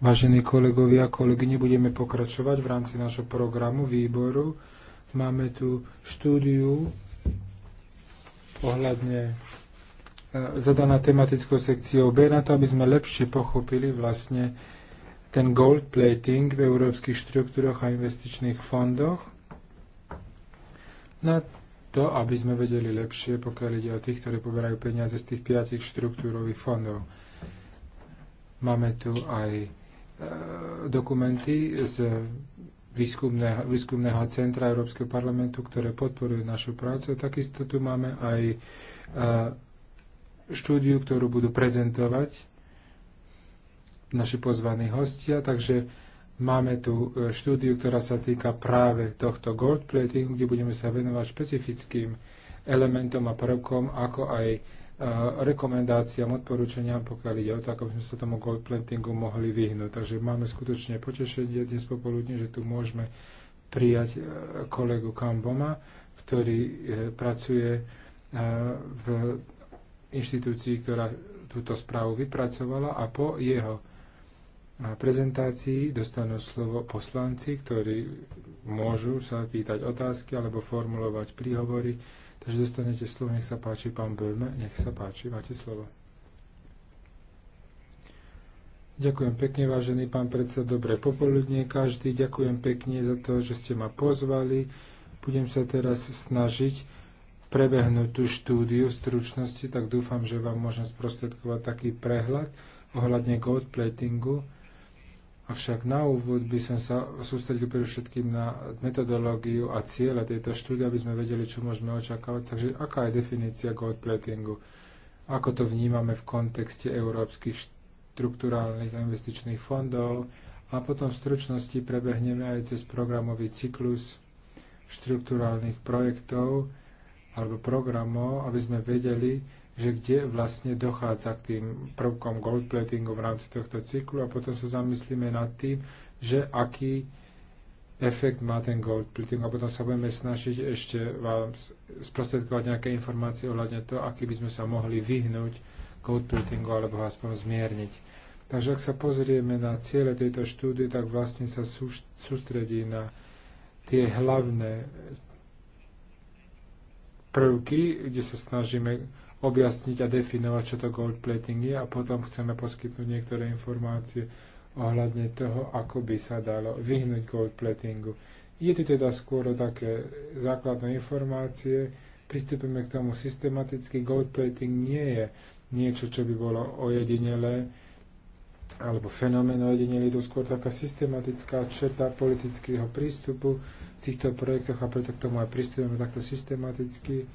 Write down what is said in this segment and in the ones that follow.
Vážení kolegovia a kolegyne, budeme pokračovať v rámci nášho programu výboru. Máme tu štúdiu ohľadne e, zadaná tematickou sekciou B na to, aby sme lepšie pochopili vlastne ten gold plating v európskych štruktúrach a investičných fondoch. Na to, aby sme vedeli lepšie, pokiaľ ide o tých, ktorí poberajú peniaze z tých piatich štruktúrových fondov. Máme tu aj e, dokumenty z výskumného, výskumného centra Európskeho parlamentu, ktoré podporujú našu prácu. Takisto tu máme aj e, štúdiu, ktorú budú prezentovať naši pozvaní hostia, takže Máme tu e, štúdiu, ktorá sa týka práve tohto gold platingu, kde budeme sa venovať špecifickým elementom a prvkom, ako aj e, rekomendáciám, odporúčaniam, pokiaľ ide o to, ako by sme sa tomu gold platingu mohli vyhnúť. Takže máme skutočne potešenie dnes popoludne, že tu môžeme prijať e, kolegu Kamboma, ktorý pracuje v inštitúcii, ktorá túto správu vypracovala a po jeho prezentácii dostanú slovo poslanci, ktorí môžu sa pýtať otázky alebo formulovať príhovory. Takže dostanete slovo, nech sa páči, pán Böhme, nech sa páči, máte slovo. Ďakujem pekne, vážený pán predseda, dobré popoludne každý. Ďakujem pekne za to, že ste ma pozvali. Budem sa teraz snažiť prebehnúť tú štúdiu v stručnosti, tak dúfam, že vám môžem sprostredkovať taký prehľad ohľadne gold platingu Avšak na úvod by som sa sústredil všetkým na metodológiu a cieľa tejto štúdie, aby sme vedeli, čo môžeme očakávať. Takže aká je definícia platingu? Ako to vnímame v kontexte európskych štruktúrálnych a investičných fondov? A potom v stručnosti prebehneme aj cez programový cyklus štruktúrálnych projektov alebo programov, aby sme vedeli, že kde vlastne dochádza k tým prvkom goldplatingu v rámci tohto cyklu a potom sa zamyslíme nad tým, že aký efekt má ten goldplating a potom sa budeme snažiť ešte vám sprostredkovať nejaké informácie ohľadne toho, aký by sme sa mohli vyhnúť goldplatingu alebo aspoň zmierniť. Takže ak sa pozrieme na ciele tejto štúdie, tak vlastne sa sústredí na tie hlavné prvky, kde sa snažíme objasniť a definovať, čo to gold plating je a potom chceme poskytnúť niektoré informácie ohľadne toho, ako by sa dalo vyhnúť gold platingu. Je tu teda skôr také základné informácie, pristupujeme k tomu systematicky. Gold plating nie je niečo, čo by bolo ojedinelé, alebo fenomén ojedinelý, to skôr taká systematická črta politického prístupu v týchto projektoch a preto k tomu aj pristupujeme takto systematicky. E,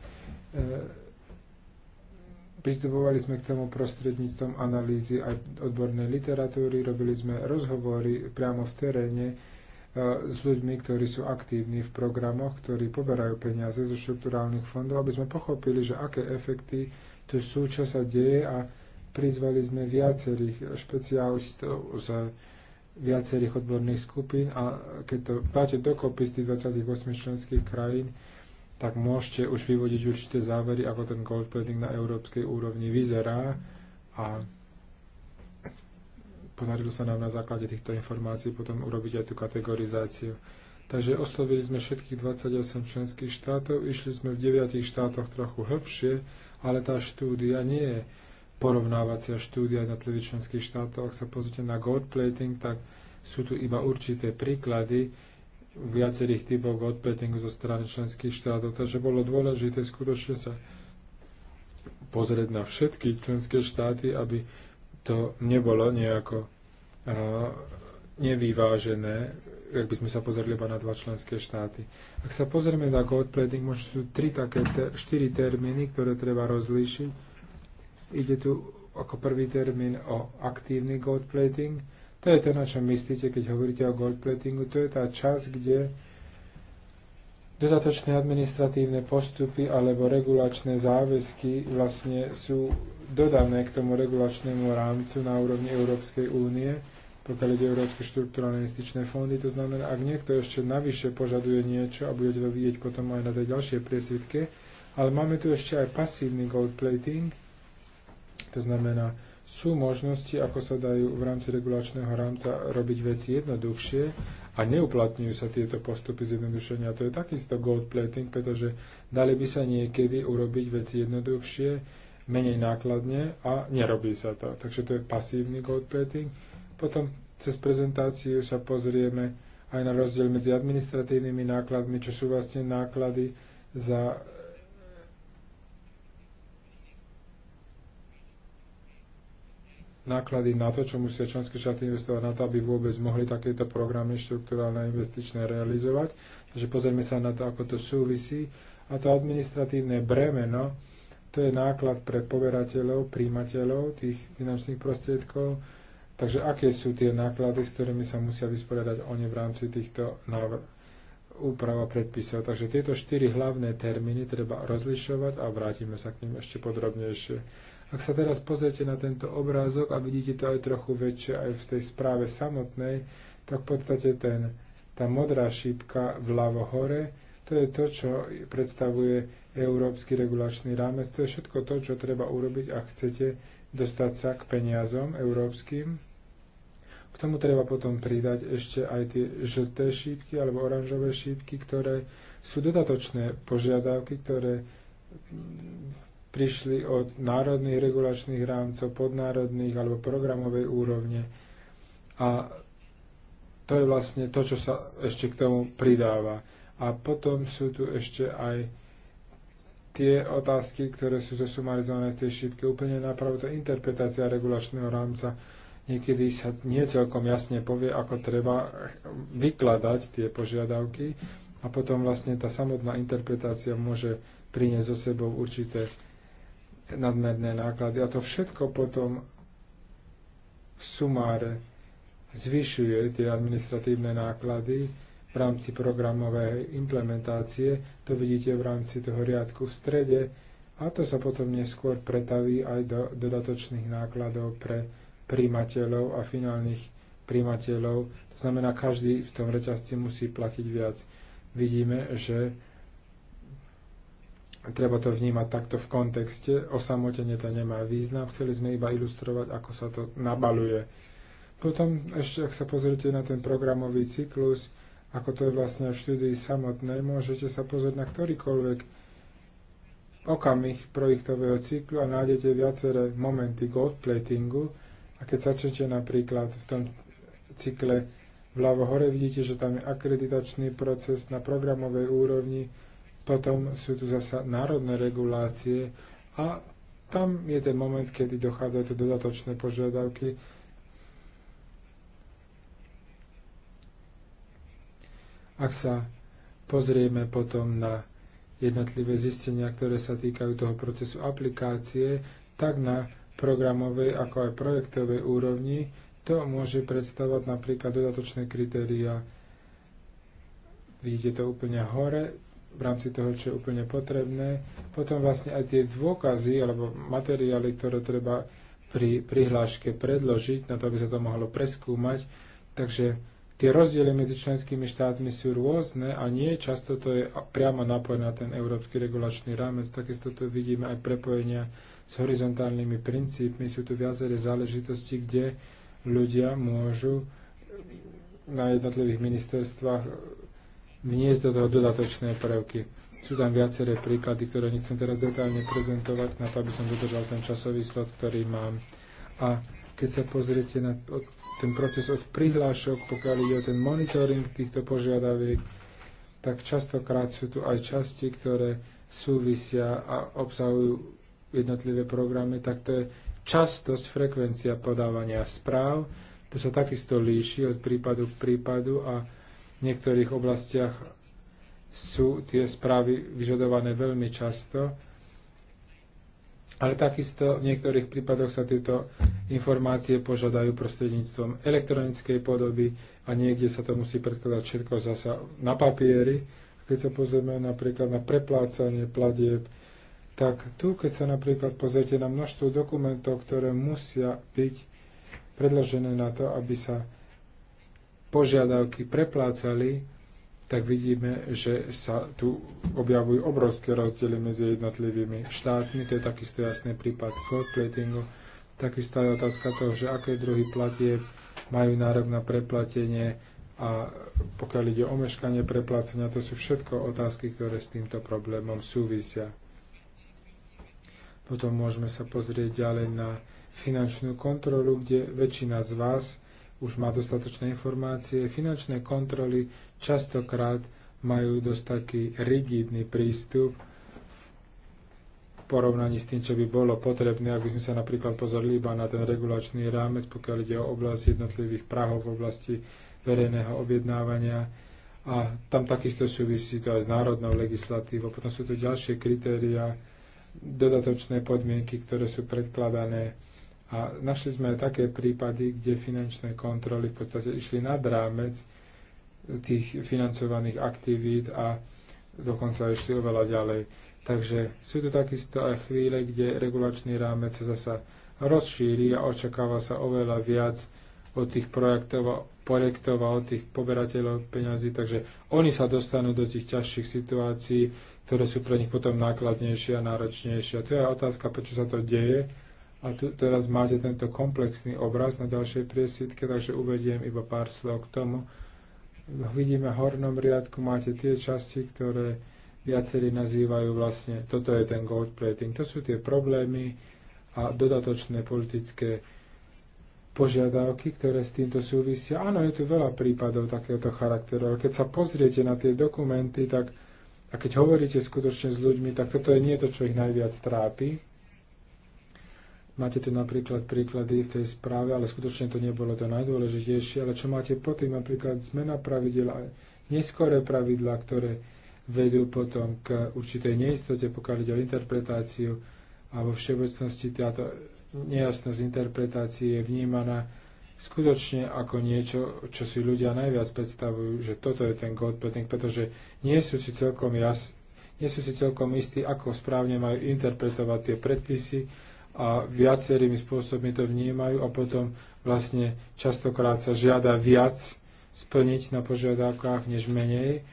Pristupovali sme k tomu prostredníctvom analýzy aj odbornej literatúry, robili sme rozhovory priamo v teréne e, s ľuďmi, ktorí sú aktívni v programoch, ktorí poberajú peniaze zo štruktúrálnych fondov, aby sme pochopili, že aké efekty tu sú, čo sa deje a prizvali sme viacerých špecialistov z viacerých odborných skupín a keď to dáte dokopy z tých 28 členských krajín, tak môžete už vyvodiť určité závery, ako ten gold plating na európskej úrovni vyzerá a podarilo sa nám na základe týchto informácií potom urobiť aj tú kategorizáciu. Takže oslovili sme všetkých 28 členských štátov, išli sme v 9 štátoch trochu hĺbšie, ale tá štúdia nie je porovnávacia štúdia jednotlivých členských štátoch, Ak sa pozrite na gold plating, tak sú tu iba určité príklady, viacerých typov odpetingu zo strany členských štátov. Takže bolo dôležité skutočne sa pozrieť na všetky členské štáty, aby to nebolo nejako uh, nevyvážené, ak by sme sa pozreli iba na dva členské štáty. Ak sa pozrieme na goldplating, možno sú tri také, te, štyri termíny, ktoré treba rozlíšiť. Ide tu ako prvý termín o aktívny plating, to je to, na čo myslíte, keď hovoríte o goldplatingu. To je tá časť, kde dodatočné administratívne postupy alebo regulačné záväzky vlastne sú dodané k tomu regulačnému rámcu na úrovni Európskej únie, pokiaľ ide Európske štruktúrálne investičné fondy. To znamená, ak niekto ešte navyše požaduje niečo a bude to vidieť potom aj na tej ďalšej priesvitke, ale máme tu ešte aj pasívny gold plating, to znamená, sú možnosti, ako sa dajú v rámci regulačného rámca robiť veci jednoduchšie a neuplatňujú sa tieto postupy zjednodušenia. To je takisto gold plating, pretože dali by sa niekedy urobiť veci jednoduchšie, menej nákladne a nerobí sa to. Takže to je pasívny gold plating. Potom cez prezentáciu sa pozrieme aj na rozdiel medzi administratívnymi nákladmi, čo sú vlastne náklady za náklady na to, čo musia členské štáty investovať na to, aby vôbec mohli takéto programy štruktúrálne investičné realizovať. Takže pozrieme sa na to, ako to súvisí. A to administratívne bremeno, to je náklad pre poverateľov, príjimateľov tých finančných prostriedkov. Takže aké sú tie náklady, s ktorými sa musia vysporiadať oni v rámci týchto návrh, úprava predpisov. Takže tieto štyri hlavné termíny treba rozlišovať a vrátime sa k ním ešte podrobnejšie. Ak sa teraz pozriete na tento obrázok a vidíte to aj trochu väčšie aj v tej správe samotnej, tak v podstate ten, tá modrá šípka vľavo hore, to je to, čo predstavuje Európsky regulačný rámec. To je všetko to, čo treba urobiť, ak chcete dostať sa k peniazom európskym, k tomu treba potom pridať ešte aj tie žlté šípky alebo oranžové šípky, ktoré sú dodatočné požiadavky, ktoré prišli od národných regulačných rámcov, podnárodných alebo programovej úrovne. A to je vlastne to, čo sa ešte k tomu pridáva. A potom sú tu ešte aj tie otázky, ktoré sú zosumarizované v tej šípke. Úplne napravo to interpretácia regulačného rámca. Niekedy sa nie celkom jasne povie, ako treba vykladať tie požiadavky a potom vlastne tá samotná interpretácia môže priniesť so sebou určité nadmerné náklady. A to všetko potom v sumáre zvyšuje tie administratívne náklady v rámci programovej implementácie. To vidíte v rámci toho riadku v strede a to sa potom neskôr pretaví aj do dodatočných nákladov pre príjimateľov a finálnych príjimateľov. To znamená, každý v tom reťazci musí platiť viac. Vidíme, že treba to vnímať takto v kontexte. Osamotene to nemá význam. Chceli sme iba ilustrovať, ako sa to nabaluje. Potom ešte, ak sa pozrite na ten programový cyklus, ako to je vlastne v štúdii samotnej, môžete sa pozrieť na ktorýkoľvek okamih projektového cyklu a nájdete viaceré momenty gold platingu. A keď začnete napríklad v tom cykle vľavo hore, vidíte, že tam je akreditačný proces na programovej úrovni, potom sú tu zasa národné regulácie a tam je ten moment, kedy dochádzajú tie dodatočné požiadavky. Ak sa pozrieme potom na jednotlivé zistenia, ktoré sa týkajú toho procesu aplikácie, tak na programovej ako aj projektovej úrovni to môže predstavovať napríklad dodatočné kritéria. Vidíte to úplne hore, v rámci toho, čo je úplne potrebné. Potom vlastne aj tie dôkazy alebo materiály, ktoré treba pri prihláške predložiť, na to, aby sa to mohlo preskúmať. Takže tie rozdiely medzi členskými štátmi sú rôzne a nie často to je priamo napojené na ten európsky regulačný rámec. Takisto tu vidíme aj prepojenia s horizontálnymi princípmi. Sú tu viaceré záležitosti, kde ľudia môžu na jednotlivých ministerstvách vniesť do toho dodatočné prvky. Sú tam viaceré príklady, ktoré nechcem teraz detálne prezentovať, na to, aby som dodržal ten časový slot, ktorý mám. A keď sa pozriete na ten proces od prihlášok, pokiaľ ide o ten monitoring týchto požiadaviek, tak častokrát sú tu aj časti, ktoré súvisia a obsahujú jednotlivé programy, tak to je častosť, frekvencia podávania správ. To sa takisto líši od prípadu k prípadu a v niektorých oblastiach sú tie správy vyžadované veľmi často, ale takisto v niektorých prípadoch sa tieto informácie požiadajú prostredníctvom elektronickej podoby a niekde sa to musí predkladať všetko zasa na papieri. Keď sa pozrieme napríklad na preplácanie platieb, tak tu, keď sa napríklad pozriete na množstvo dokumentov, ktoré musia byť predložené na to, aby sa požiadavky preplácali, tak vidíme, že sa tu objavujú obrovské rozdiely medzi jednotlivými štátmi. To je takisto jasný prípad goldplatingu. Takisto je otázka toho, že aké druhy platie, majú nárok na preplatenie a pokiaľ ide o meškanie preplácania, to sú všetko otázky, ktoré s týmto problémom súvisia. Potom môžeme sa pozrieť ďalej na finančnú kontrolu, kde väčšina z vás už má dostatočné informácie. Finančné kontroly častokrát majú dosť taký rigidný prístup v porovnaní s tým, čo by bolo potrebné, ak by sme sa napríklad pozorili iba na ten regulačný rámec, pokiaľ ide o oblasť jednotlivých prahov v oblasti verejného objednávania. A tam takisto súvisí to aj s národnou legislatívou. Potom sú tu ďalšie kritéria, dodatočné podmienky, ktoré sú predkladané a našli sme aj také prípady, kde finančné kontroly v podstate išli nad rámec tých financovaných aktivít a dokonca išli oveľa ďalej. Takže sú tu takisto aj chvíle, kde regulačný rámec sa zasa rozšíri a očakáva sa oveľa viac od tých projektov, projektov a od tých poberateľov peňazí, takže oni sa dostanú do tých ťažších situácií, ktoré sú pre nich potom nákladnejšie a náročnejšie. A to je otázka, prečo sa to deje a tu teraz máte tento komplexný obraz na ďalšej priesvitke, takže uvediem iba pár slov k tomu. Vidíme v hornom riadku, máte tie časti, ktoré viacerí nazývajú vlastne, toto je ten gold plating, to sú tie problémy a dodatočné politické požiadavky, ktoré s týmto súvisia. Áno, je tu veľa prípadov takéhoto charakteru, ale keď sa pozriete na tie dokumenty, tak a keď hovoríte skutočne s ľuďmi, tak toto je nie to, čo ich najviac trápi, Máte tu napríklad príklady v tej správe, ale skutočne to nebolo to najdôležitejšie. Ale čo máte potom, napríklad zmena pravidel a neskoré pravidlá, ktoré vedú potom k určitej neistote, pokiaľ ide o interpretáciu a vo všeobecnosti táto nejasnosť interpretácie je vnímaná skutočne ako niečo, čo si ľudia najviac predstavujú, že toto je ten God Petting, pretože nie sú si celkom jasní nie sú si celkom istí, ako správne majú interpretovať tie predpisy, a viacerými spôsobmi to vnímajú a potom vlastne častokrát sa žiada viac splniť na požiadavkách než menej.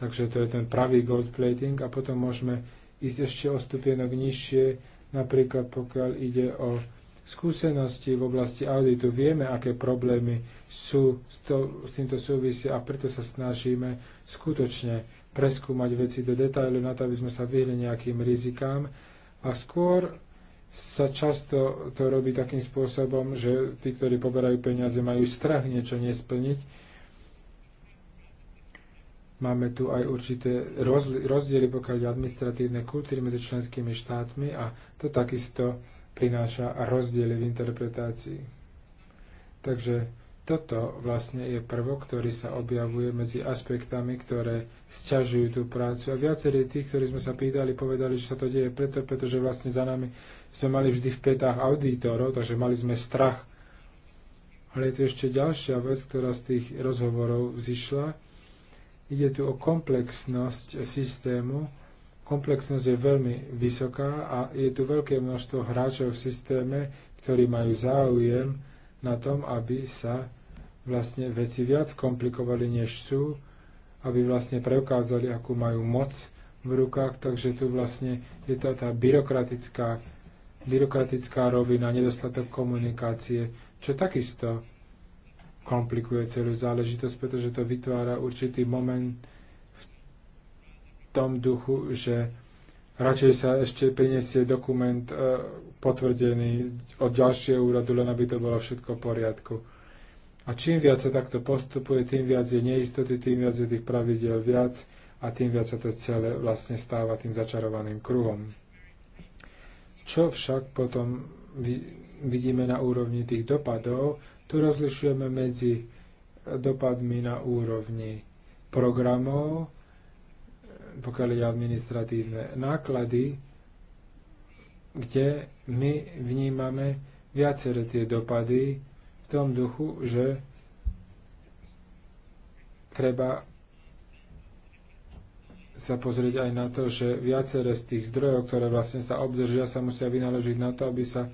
Takže to je ten pravý gold plating a potom môžeme ísť ešte o stupienok nižšie, napríklad pokiaľ ide o skúsenosti v oblasti auditu. Vieme, aké problémy sú s, to, s týmto súvisia a preto sa snažíme skutočne preskúmať veci do detailu na to, aby sme sa vyhli nejakým rizikám a skôr sa často to robí takým spôsobom, že tí, ktorí poberajú peniaze, majú strach niečo nesplniť. Máme tu aj určité rozdiely, pokiaľ je administratívne kultúry medzi členskými štátmi a to takisto prináša rozdiely v interpretácii. Takže toto vlastne je prvok, ktorý sa objavuje medzi aspektami, ktoré sťažujú tú prácu. A viacerí tých, ktorí sme sa pýtali, povedali, že sa to deje preto, pretože vlastne za nami sme mali vždy v petách auditorov, takže mali sme strach. Ale je tu ešte ďalšia vec, ktorá z tých rozhovorov vzýšla. Ide tu o komplexnosť systému. Komplexnosť je veľmi vysoká a je tu veľké množstvo hráčov v systéme, ktorí majú záujem na tom, aby sa vlastne veci viac komplikovali, než sú, aby vlastne preukázali, akú majú moc v rukách, takže tu vlastne je to tá byrokratická, byrokratická rovina, nedostatok komunikácie, čo takisto komplikuje celú záležitosť, pretože to vytvára určitý moment v tom duchu, že radšej sa ešte prinesie dokument e, potvrdený od ďalšieho úradu, len aby to bolo všetko v poriadku. A čím viac sa takto postupuje, tým viac je neistoty, tým viac je tých pravidel viac a tým viac sa to celé vlastne stáva tým začarovaným kruhom. Čo však potom vidíme na úrovni tých dopadov, tu rozlišujeme medzi dopadmi na úrovni programov, pokiaľ je administratívne náklady, kde my vnímame viaceré tie dopady, tom duchu, že treba sa pozrieť aj na to, že viaceré z tých zdrojov, ktoré vlastne sa obdržia, sa musia vynaložiť na to, aby sa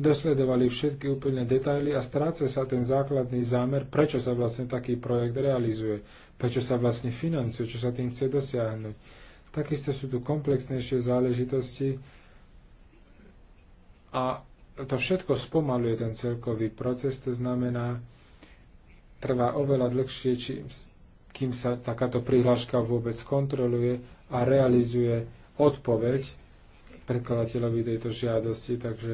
dosledovali všetky úplne detaily a stráca sa ten základný zámer, prečo sa vlastne taký projekt realizuje, prečo sa vlastne financuje, čo sa tým chce dosiahnuť. Takisto sú tu komplexnejšie záležitosti a to všetko spomaluje ten celkový proces, to znamená, trvá oveľa dlhšie, či, kým sa takáto prihláška vôbec kontroluje a realizuje odpoveď predkladateľovi tejto žiadosti. Takže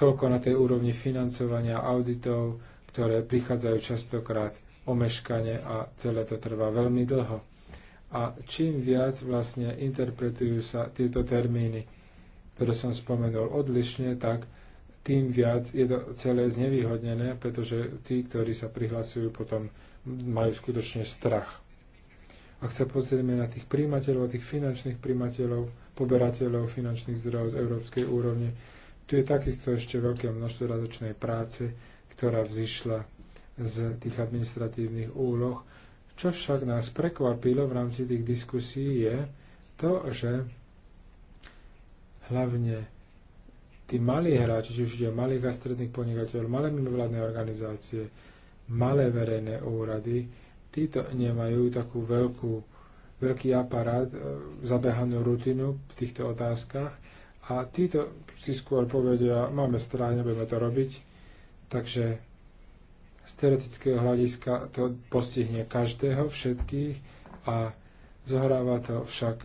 toľko na tej úrovni financovania auditov, ktoré prichádzajú častokrát omeškane a celé to trvá veľmi dlho. A čím viac vlastne interpretujú sa tieto termíny, ktoré som spomenul odlišne, tak tým viac je to celé znevýhodnené, pretože tí, ktorí sa prihlasujú, potom majú skutočne strach. Ak sa pozrieme na tých príjimateľov, tých finančných príjimateľov, poberateľov finančných zdrojov z európskej úrovne, tu je takisto ešte veľké množstvo radočnej práce, ktorá vzýšla z tých administratívnych úloh. Čo však nás prekvapilo v rámci tých diskusí je to, že hlavne tí malí hráči, či už ide malých a stredných podnikateľov, malé mimovládne organizácie, malé verejné úrady, títo nemajú takú veľkú, veľký aparát, e, zabehanú rutinu v týchto otázkach a títo si skôr povedia, máme strach, nebudeme to robiť, takže z teoretického hľadiska to postihne každého, všetkých a zohráva to však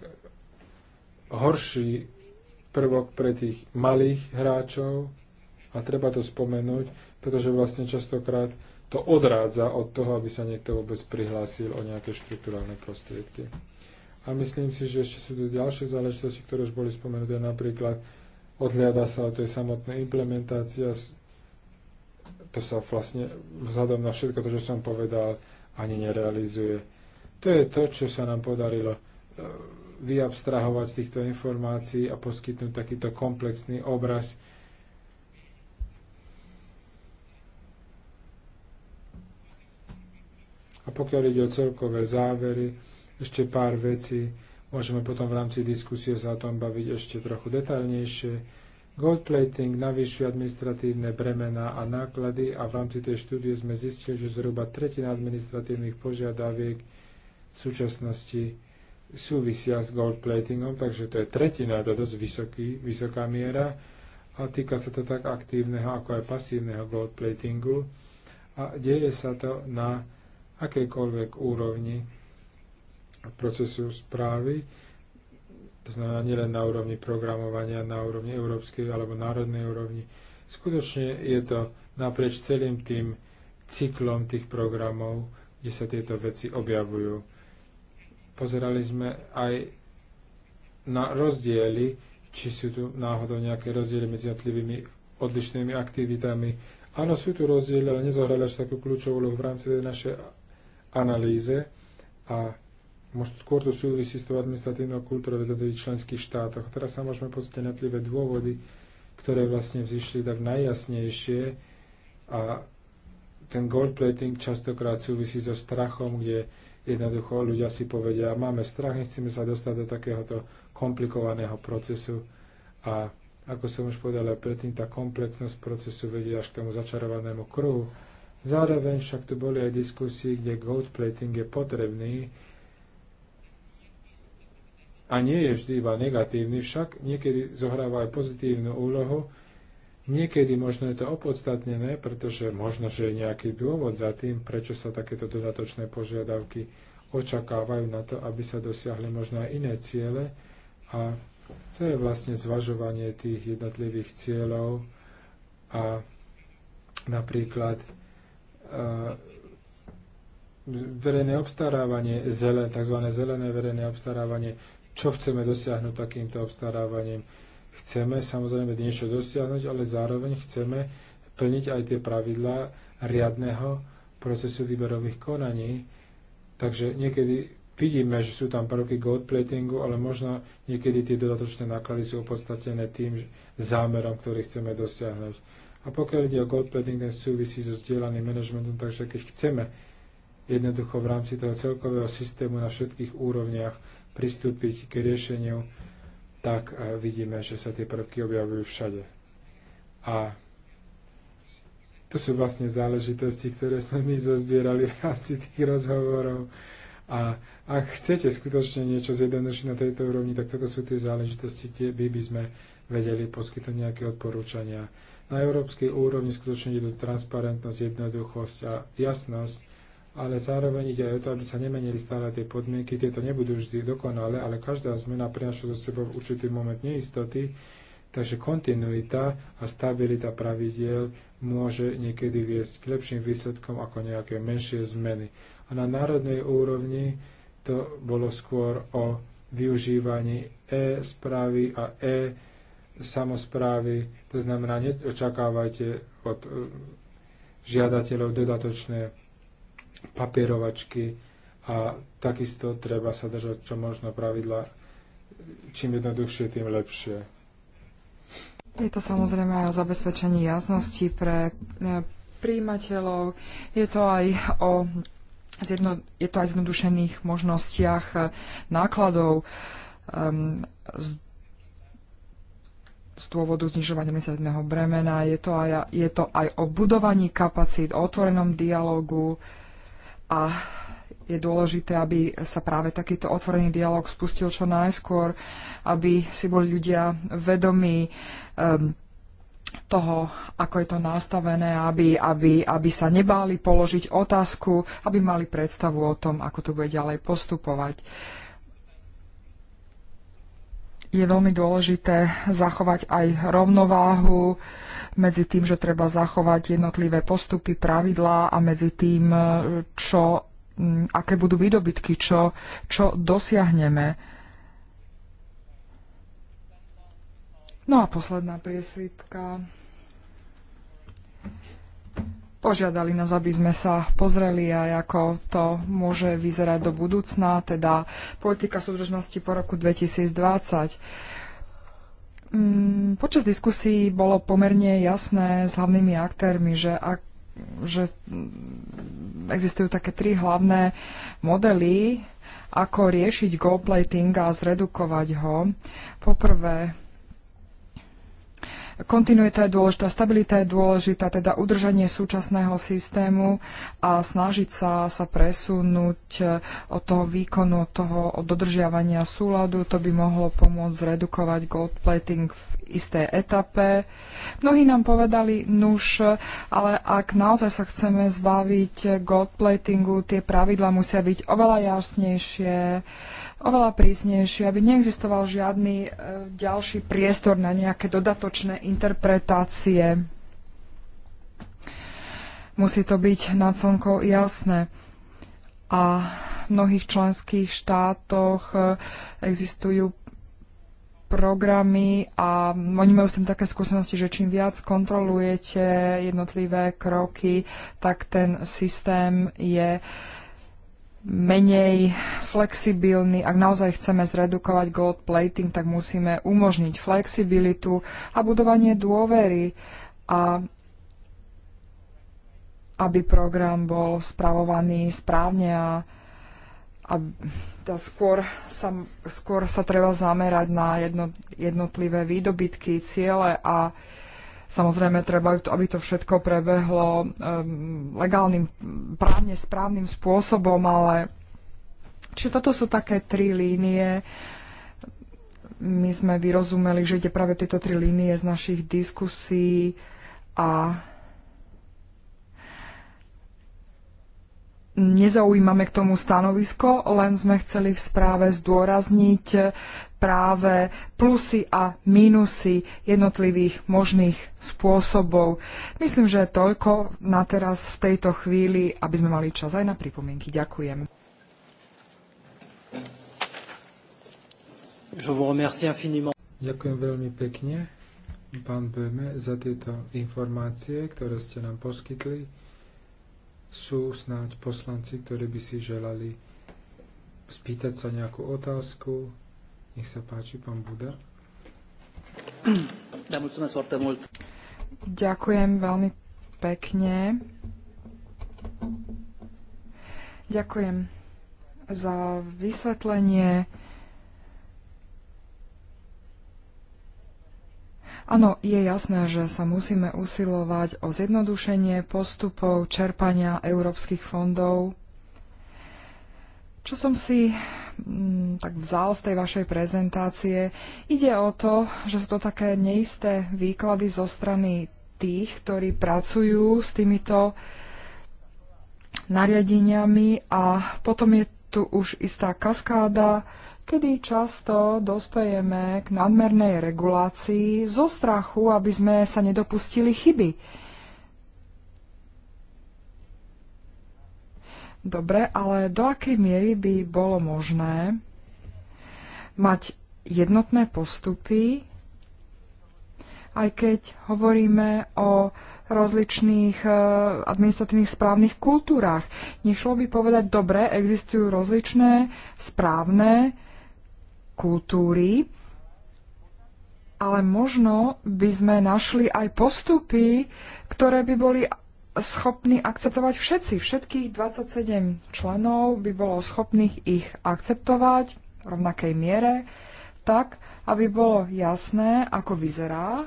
horší prvok pre tých malých hráčov a treba to spomenúť, pretože vlastne častokrát to odrádza od toho, aby sa niekto vôbec prihlásil o nejaké štruktúrálne prostriedky. A myslím si, že ešte sú tu ďalšie záležitosti, ktoré už boli spomenuté, napríklad odhliada sa o tej samotnej implementácia, to sa vlastne vzhľadom na všetko to, čo som povedal, ani nerealizuje. To je to, čo sa nám podarilo e, vyabstrahovať z týchto informácií a poskytnúť takýto komplexný obraz. A pokiaľ ide o celkové závery, ešte pár vecí, môžeme potom v rámci diskusie sa o tom baviť ešte trochu detaľnejšie. plating, navýšuje administratívne bremená a náklady a v rámci tej štúdie sme zistili, že zhruba tretina administratívnych požiadaviek v súčasnosti súvisia s gold platingom, takže to je tretina, to je dosť vysoký, vysoká miera a týka sa to tak aktívneho ako aj pasívneho gold platingu a deje sa to na akejkoľvek úrovni procesu správy, to znamená nielen na úrovni programovania, na úrovni európskej alebo národnej úrovni. Skutočne je to naprieč celým tým cyklom tých programov, kde sa tieto veci objavujú. Pozerali sme aj na rozdiely, či sú tu náhodou nejaké rozdiely medzi jednotlivými odlišnými aktivitami. Áno, sú tu rozdiely, ale nezohrali až takú kľúčovú úlohu v rámci tej našej analýze a možno skôr to súvisí s tou administratívnou kultúrou v jednotlivých členských štátoch. Teraz sa môžeme pozrieť na jednotlivé dôvody, ktoré vlastne vzýšli tak najjasnejšie a ten gold plating častokrát súvisí so strachom, kde Jednoducho ľudia si povedia, máme strach, nechceme sa dostať do takéhoto komplikovaného procesu a ako som už povedal aj predtým, tá komplexnosť procesu vedie až k tomu začarovanému kruhu. Zároveň však tu boli aj diskusie, kde gold plating je potrebný a nie je vždy iba negatívny, však niekedy zohráva aj pozitívnu úlohu, Niekedy možno je to opodstatnené, pretože možno, že je nejaký dôvod za tým, prečo sa takéto dodatočné požiadavky očakávajú na to, aby sa dosiahli možno aj iné ciele. A to je vlastne zvažovanie tých jednotlivých cieľov a napríklad e, verejné obstarávanie, zelen, tzv. zelené verejné obstarávanie, čo chceme dosiahnuť takýmto obstarávaním, Chceme samozrejme niečo dosiahnuť, ale zároveň chceme plniť aj tie pravidlá riadného procesu výberových konaní. Takže niekedy vidíme, že sú tam prvky k ale možno niekedy tie dodatočné náklady sú opodstatené tým zámerom, ktorý chceme dosiahnuť. A pokiaľ ide o goldplating, ten súvisí so zdieľaným manažmentom, takže keď chceme jednoducho v rámci toho celkového systému na všetkých úrovniach pristúpiť k riešeniu tak e, vidíme, že sa tie prvky objavujú všade. A to sú vlastne záležitosti, ktoré sme my zozbierali v rámci tých rozhovorov. A ak chcete skutočne niečo zjednodušiť na tejto úrovni, tak toto sú tie záležitosti, kde by, by sme vedeli poskytnúť nejaké odporúčania. Na európskej úrovni skutočne je to transparentnosť, jednoduchosť a jasnosť ale zároveň ide aj o to, aby sa nemenili stále tie podmienky. Tieto nebudú vždy dokonalé, ale každá zmena prináša zo sebou určitý moment neistoty, takže kontinuita a stabilita pravidiel môže niekedy viesť k lepším výsledkom ako nejaké menšie zmeny. A na národnej úrovni to bolo skôr o využívaní e-správy a e samosprávy, samozprávy, to znamená, neočakávajte od e, žiadateľov dodatočné papierovačky a takisto treba sa držať čo možno pravidla, čím jednoduchšie, tým lepšie. Je to samozrejme aj o zabezpečení jasnosti pre e, príjimateľov, je to aj o zjedno, je to aj zjednodušených možnostiach e, nákladov um, z, z dôvodu znižovania administratívneho bremena. Je to, aj, je to aj o budovaní kapacít, o otvorenom dialogu, a je dôležité, aby sa práve takýto otvorený dialog spustil čo najskôr, aby si boli ľudia vedomí um, toho, ako je to nastavené, aby, aby, aby sa nebáli položiť otázku, aby mali predstavu o tom, ako to bude ďalej postupovať. Je veľmi dôležité zachovať aj rovnováhu medzi tým, že treba zachovať jednotlivé postupy, pravidlá a medzi tým, e, čo, aké budú výdobytky, čo, čo dosiahneme. No a posledná priesvitka. Požiadali nás, aby sme sa pozreli aj ako to môže vyzerať do budúcna, teda politika súdržnosti po roku 2020 Mm, počas diskusí bolo pomerne jasné s hlavnými aktérmi, že ak že existujú také tri hlavné modely, ako riešiť goalplating a zredukovať ho. Poprvé, Kontinuita je dôležitá, stabilita je dôležitá, teda udržanie súčasného systému a snažiť sa, sa presunúť e, od toho výkonu, od toho od dodržiavania súladu, to by mohlo pomôcť zredukovať gold plating v isté etape. Mnohí nám povedali, nuž, ale ak naozaj sa chceme zbaviť goldplatingu, tie pravidla musia byť oveľa jasnejšie, oveľa prísnejšie, aby neexistoval žiadny e, ďalší priestor na nejaké dodatočné interpretácie. Musí to byť na slnko jasné. A v mnohých členských štátoch e, existujú programy a oni majú s tým také skúsenosti, že čím viac kontrolujete jednotlivé kroky, tak ten systém je menej flexibilný. Ak naozaj chceme zredukovať gold plating, tak musíme umožniť flexibilitu a budovanie dôvery a aby program bol spravovaný správne a a tá skôr, sa, skôr sa treba zamerať na jedno, jednotlivé výdobytky, ciele a samozrejme treba, aby to všetko prebehlo um, legálnym, právne správnym spôsobom, ale či toto sú také tri línie, my sme vyrozumeli, že ide práve tieto tri línie z našich diskusí a nezaujímame k tomu stanovisko, len sme chceli v správe zdôrazniť práve plusy a mínusy jednotlivých možných spôsobov. Myslím, že toľko na teraz v tejto chvíli, aby sme mali čas aj na pripomienky. Ďakujem. Ďakujem veľmi pekne, pán Böme, za tieto informácie, ktoré ste nám poskytli sú snáď poslanci, ktorí by si želali spýtať sa nejakú otázku. Nech sa páči, pán Buda. Ďakujem veľmi pekne. Ďakujem za vysvetlenie Áno, je jasné, že sa musíme usilovať o zjednodušenie postupov čerpania európskych fondov. Čo som si mm, tak vzal z tej vašej prezentácie, ide o to, že sú to také neisté výklady zo strany tých, ktorí pracujú s týmito nariadeniami a potom je tu už istá kaskáda kedy často dospejeme k nadmernej regulácii zo strachu, aby sme sa nedopustili chyby. Dobre, ale do akej miery by bolo možné mať jednotné postupy, aj keď hovoríme o rozličných e, administratívnych správnych kultúrách, Nešlo by povedať, dobre, existujú rozličné správne kultúry, ale možno by sme našli aj postupy, ktoré by boli schopní akceptovať všetci. Všetkých 27 členov by bolo schopných ich akceptovať v rovnakej miere, tak, aby bolo jasné, ako vyzerá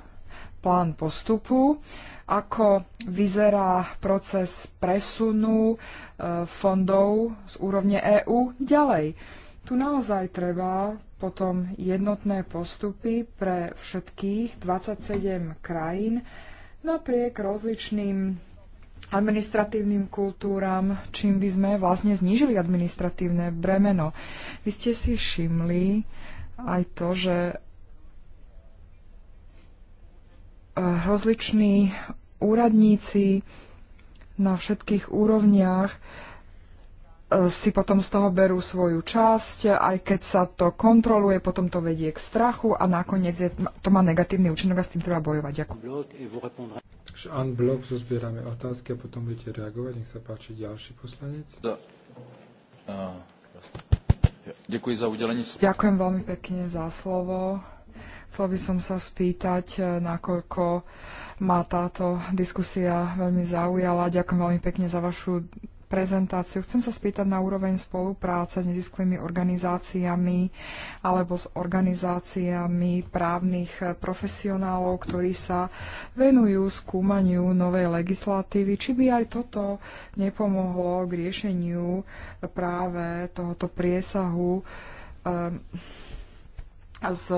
plán postupu, ako vyzerá proces presunu e, fondov z úrovne EÚ ďalej. Tu naozaj treba potom jednotné postupy pre všetkých 27 krajín napriek rozličným administratívnym kultúram, čím by sme vlastne znížili administratívne bremeno. Vy ste si všimli aj to, že e, rozliční úradníci na všetkých úrovniach si potom z toho berú svoju časť, aj keď sa to kontroluje, potom to vedie k strachu a nakoniec je, to má negatívny účinok a s tým treba bojovať. Ďakujem. Blok, zozbierame otázky a potom budete reagovať. Nech sa páči ďalší poslanec. Ďakujem za udelenie. Ďakujem veľmi pekne za slovo. Chcel by som sa spýtať, e, nakoľko ma táto diskusia veľmi zaujala. Ďakujem veľmi pekne za vašu prezentáciu. Chcem sa spýtať na úroveň spolupráce s neziskovými organizáciami alebo s organizáciami právnych profesionálov, ktorí sa venujú skúmaniu novej legislatívy. Či by aj toto nepomohlo k riešeniu práve tohoto priesahu ehm, z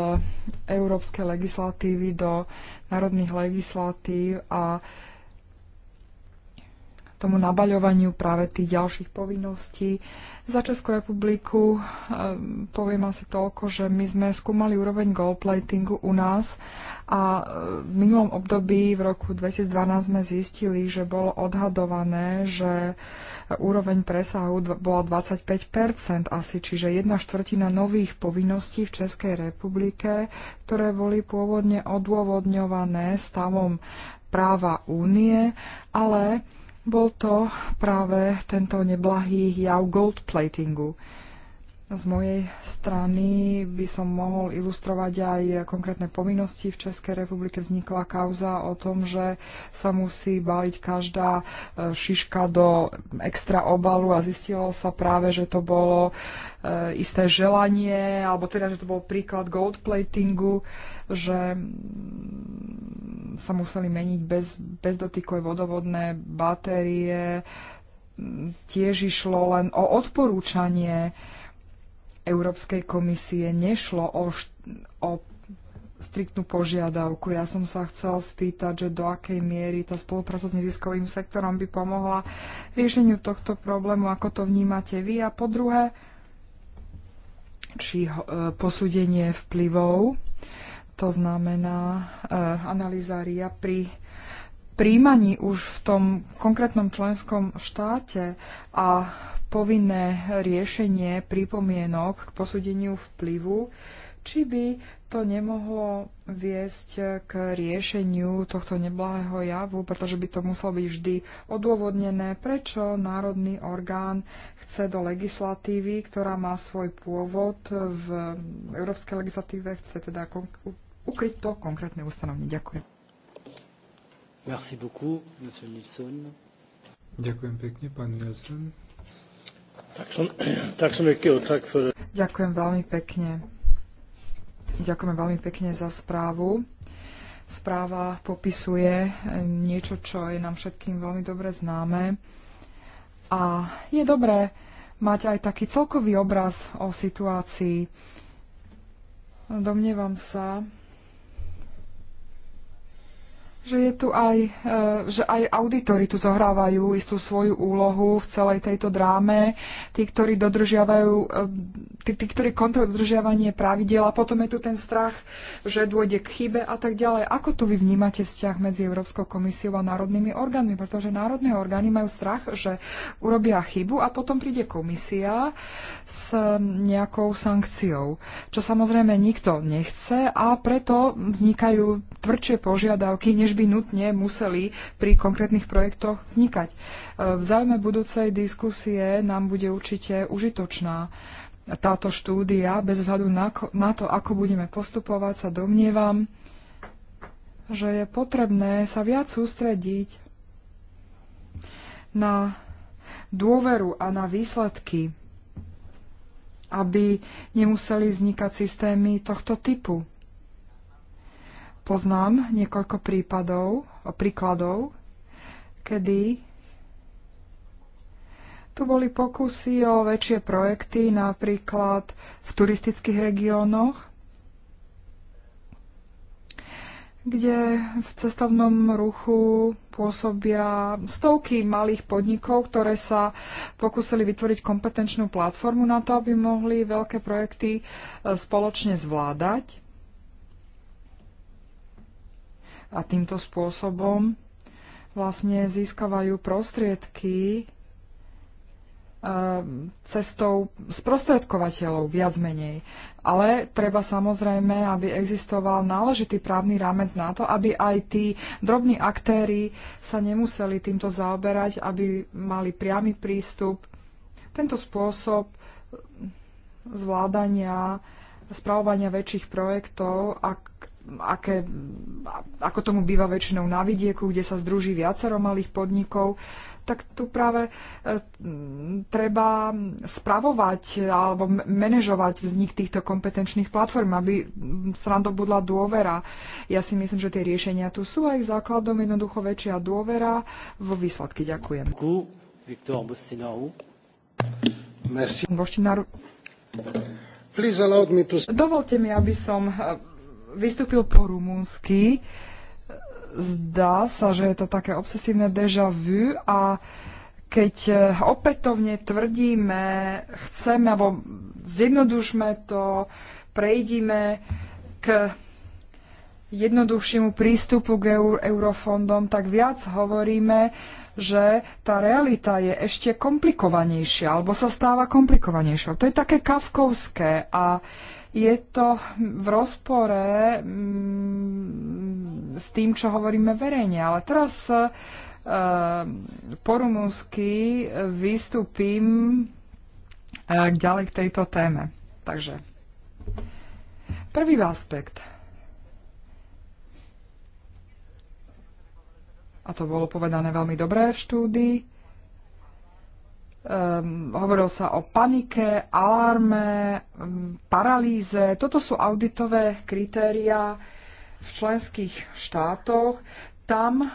európskej legislatívy do národných legislatív a tomu nabaľovaniu práve tých ďalších povinností. Za Českú republiku e, poviem asi toľko, že my sme skúmali úroveň goalplatingu u nás a e, v minulom období v roku 2012 sme zistili, že bolo odhadované, že úroveň presahu bola 25 asi, čiže jedna štvrtina nových povinností v Českej republike, ktoré boli pôvodne odôvodňované stavom práva únie, ale bol to práve tento neblahý jav gold platingu. Z mojej strany by som mohol ilustrovať aj konkrétne povinnosti. V Českej republike vznikla kauza o tom, že sa musí baliť každá e, šiška do extra obalu a zistilo sa práve, že to bolo e, isté želanie, alebo teda, že to bol príklad gold platingu, že mm, sa museli meniť bez, bez dotykové vodovodné batérie. Mm, tiež išlo len o odporúčanie Európskej komisie nešlo o, o striktnú požiadavku. Ja som sa chcela spýtať, že do akej miery tá spolupráca s neziskovým sektorom by pomohla riešeniu tohto problému, ako to vnímate vy. A po druhé, či e, posúdenie vplyvov, to znamená e, analýza RIA pri príjmaní už v tom konkrétnom členskom štáte a povinné riešenie pripomienok k posúdeniu vplyvu, či by to nemohlo viesť k riešeniu tohto neblahého javu, pretože by to muselo byť vždy odôvodnené, prečo národný orgán chce do legislatívy, ktorá má svoj pôvod v európskej legislatíve, chce teda ukryť to konkrétne ustanovenie. Ďakujem. Merci beaucoup, monsieur Ďakujem pekne, pán Nilsson. Ďakujem veľmi pekne. Ďakujem veľmi pekne za správu. Správa popisuje eh, niečo, čo je nám všetkým veľmi dobre známe. A je dobré mať aj taký celkový obraz o situácii. Domnievam sa, že je tu aj, eh, že aj auditory tu zohrávajú istú svoju úlohu v celej tejto dráme. Tí, ktorí dodržiavajú, eh, tí, tí ktorí kontrolujú dodržiavanie pravidiel a potom je tu ten strach, že dôjde k chybe a tak ďalej. Ako tu vy vnímate vzťah medzi Európskou komisiou a národnými orgánmi? Pretože národné orgány majú strach, že urobia chybu a potom príde komisia s mm, nejakou sankciou, čo samozrejme nikto nechce a preto vznikajú tvrdšie požiadavky, než by nutne museli pri konkrétnych projektoch vznikať. E, v záujme budúcej diskusie nám bude určite užitočná táto štúdia. Bez hľadu na to, ako budeme postupovať, sa domnievam, že je potrebné sa viac sústrediť na dôveru a na výsledky, aby nemuseli vznikať systémy tohto typu. Poznám niekoľko prípadov, príkladov, kedy tu boli pokusy o väčšie projekty napríklad v turistických regiónoch, kde v cestovnom ruchu pôsobia stovky malých podnikov, ktoré sa pokúsili vytvoriť kompetenčnú platformu na to, aby mohli veľké projekty e, spoločne zvládať. a týmto spôsobom vlastne získavajú prostriedky eh, cestou sprostredkovateľov, viac menej. Ale treba samozrejme, aby existoval náležitý právny rámec na to, aby aj tí drobní aktéry sa nemuseli týmto zaoberať, aby mali priamy prístup. Tento spôsob zvládania, spravovania väčších projektov, ak aké, ako tomu býva väčšinou na vidieku, kde sa združí viacero malých podnikov, tak tu práve e, treba spravovať alebo manažovať vznik týchto kompetenčných platform, aby sa nám dôvera. Ja si myslím, že tie riešenia tu sú a ich základom jednoducho väčšia dôvera vo výsledky. Ďakujem. Merci. Dovolte mi, aby som e, vystúpil po rumúnsky. Zdá sa, že je to také obsesívne deja vu a keď e, opätovne tvrdíme, chceme, alebo zjednodušme to, prejdime k jednoduchšiemu prístupu k eur, eurofondom, tak viac hovoríme, že tá realita je ešte komplikovanejšia, alebo sa stáva komplikovanejšou. To je také kavkovské a je to v rozpore mm, s tým, čo hovoríme verejne. Ale teraz e, po rumúnsky vystúpim e, ďalej k tejto téme. Takže prvý aspekt. A to bolo povedané veľmi dobré v štúdii. Um, ehm, hovoril sa o panike, alarme, um, paralýze. Toto sú auditové kritéria v členských štátoch. Tam e,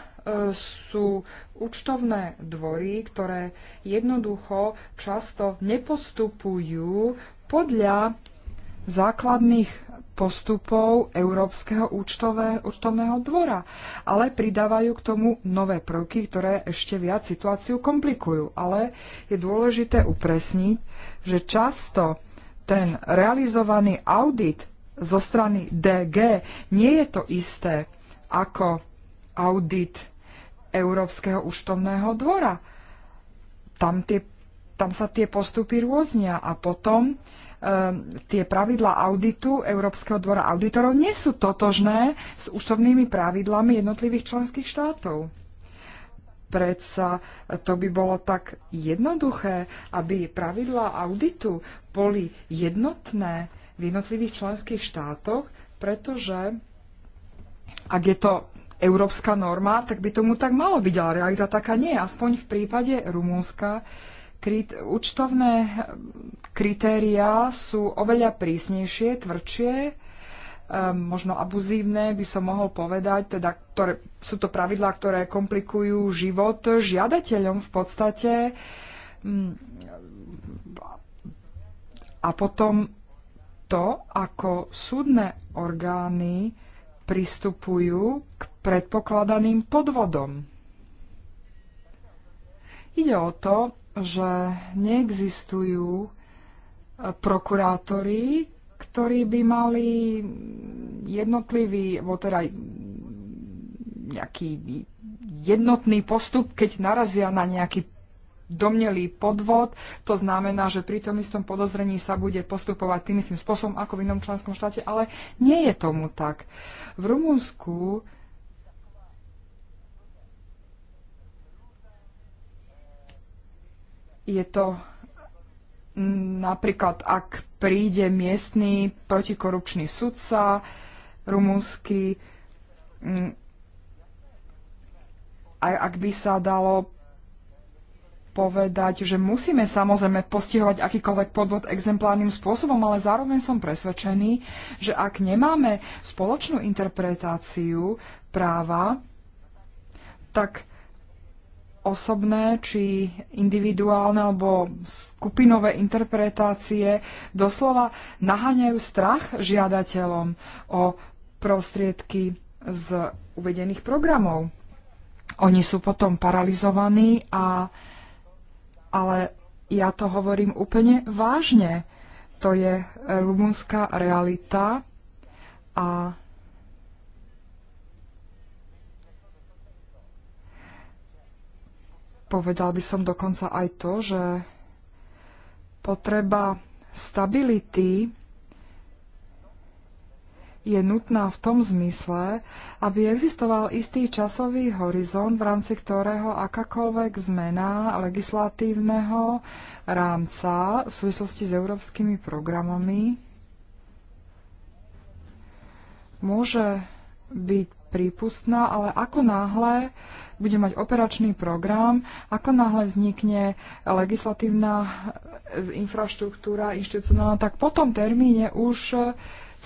sú účtovné dvory, ktoré jednoducho často nepostupujú podľa základných postupov Európskeho účtovného dvora, ale pridávajú k tomu nové prvky, ktoré ešte viac situáciu komplikujú. Ale je dôležité upresniť, že často ten realizovaný audit zo strany DG nie je to isté ako audit Európskeho účtovného dvora. Tam, tie, tam sa tie postupy rôznia a potom Ehm, tie pravidla auditu Európskeho dvora auditorov nie sú totožné s účtovnými pravidlami jednotlivých členských štátov. Predsa to by bolo tak jednoduché, aby pravidlá auditu boli jednotné v jednotlivých členských štátoch, pretože ak je to európska norma, tak by tomu tak malo byť, ale realita taká nie, aspoň v prípade Rumúnska Krit- účtovné kritériá sú oveľa prísnejšie, tvrdšie, e, možno abuzívne, by som mohol povedať, teda ktoré, sú to pravidlá, ktoré komplikujú život žiadateľom v podstate. Mm, a potom to, ako súdne orgány pristupujú k predpokladaným podvodom. Ide o to, že neexistujú e, prokurátori, ktorí by mali jednotlivý, alebo teda nejaký jednotný postup, keď narazia na nejaký domnelý podvod. To znamená, že pri tom istom podozrení sa bude postupovať tým istým spôsobom ako v inom členskom štáte, ale nie je tomu tak. V Rumunsku je to napríklad, ak príde miestný protikorupčný sudca rumúnsky, mm, aj ak by sa dalo povedať, že musíme samozrejme postihovať akýkoľvek podvod exemplárnym spôsobom, ale zároveň som presvedčený, že ak nemáme spoločnú interpretáciu práva, tak osobné či individuálne alebo skupinové interpretácie doslova naháňajú strach žiadateľom o prostriedky z uvedených programov. Oni sú potom paralizovaní a ale ja to hovorím úplne vážne. To je rumunská realita a Povedal by som dokonca aj to, že potreba stability je nutná v tom zmysle, aby existoval istý časový horizont, v rámci ktorého akákoľvek zmena legislatívneho rámca v súvislosti s európskymi programami môže byť prípustná, ale ako náhle bude mať operačný program, ako náhle vznikne legislatívna e, infraštruktúra inštitucionálna, tak po tom termíne už e,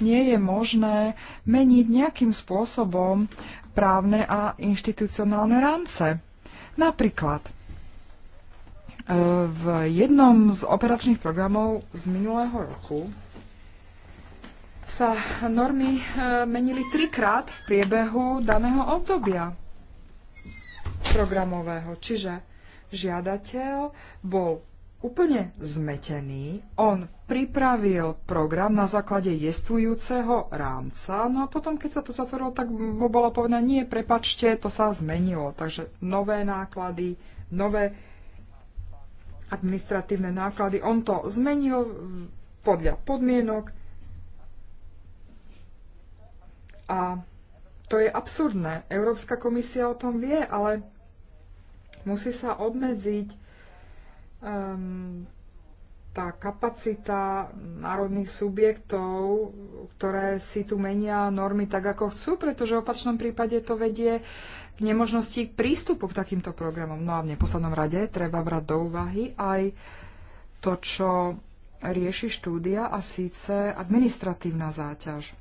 nie je možné meniť nejakým spôsobom právne a inštitucionálne rámce. Napríklad e, v jednom z operačných programov z minulého roku sa normy menili trikrát v priebehu daného obdobia programového. Čiže žiadateľ bol úplne zmetený. On pripravil program na základe jestvujúceho rámca, no a potom, keď sa to zatvorilo, tak mu bolo povedané, nie, prepačte, to sa zmenilo. Takže nové náklady, nové administratívne náklady. On to zmenil podľa podmienok a to je absurdné. Európska komisia o tom vie, ale Musí sa obmedziť um, tá kapacita národných subjektov, ktoré si tu menia normy tak, ako chcú, pretože v opačnom prípade to vedie k nemožnosti prístupu k takýmto programom. No a v neposlednom rade treba brať do úvahy aj to, čo rieši štúdia a síce administratívna záťaž.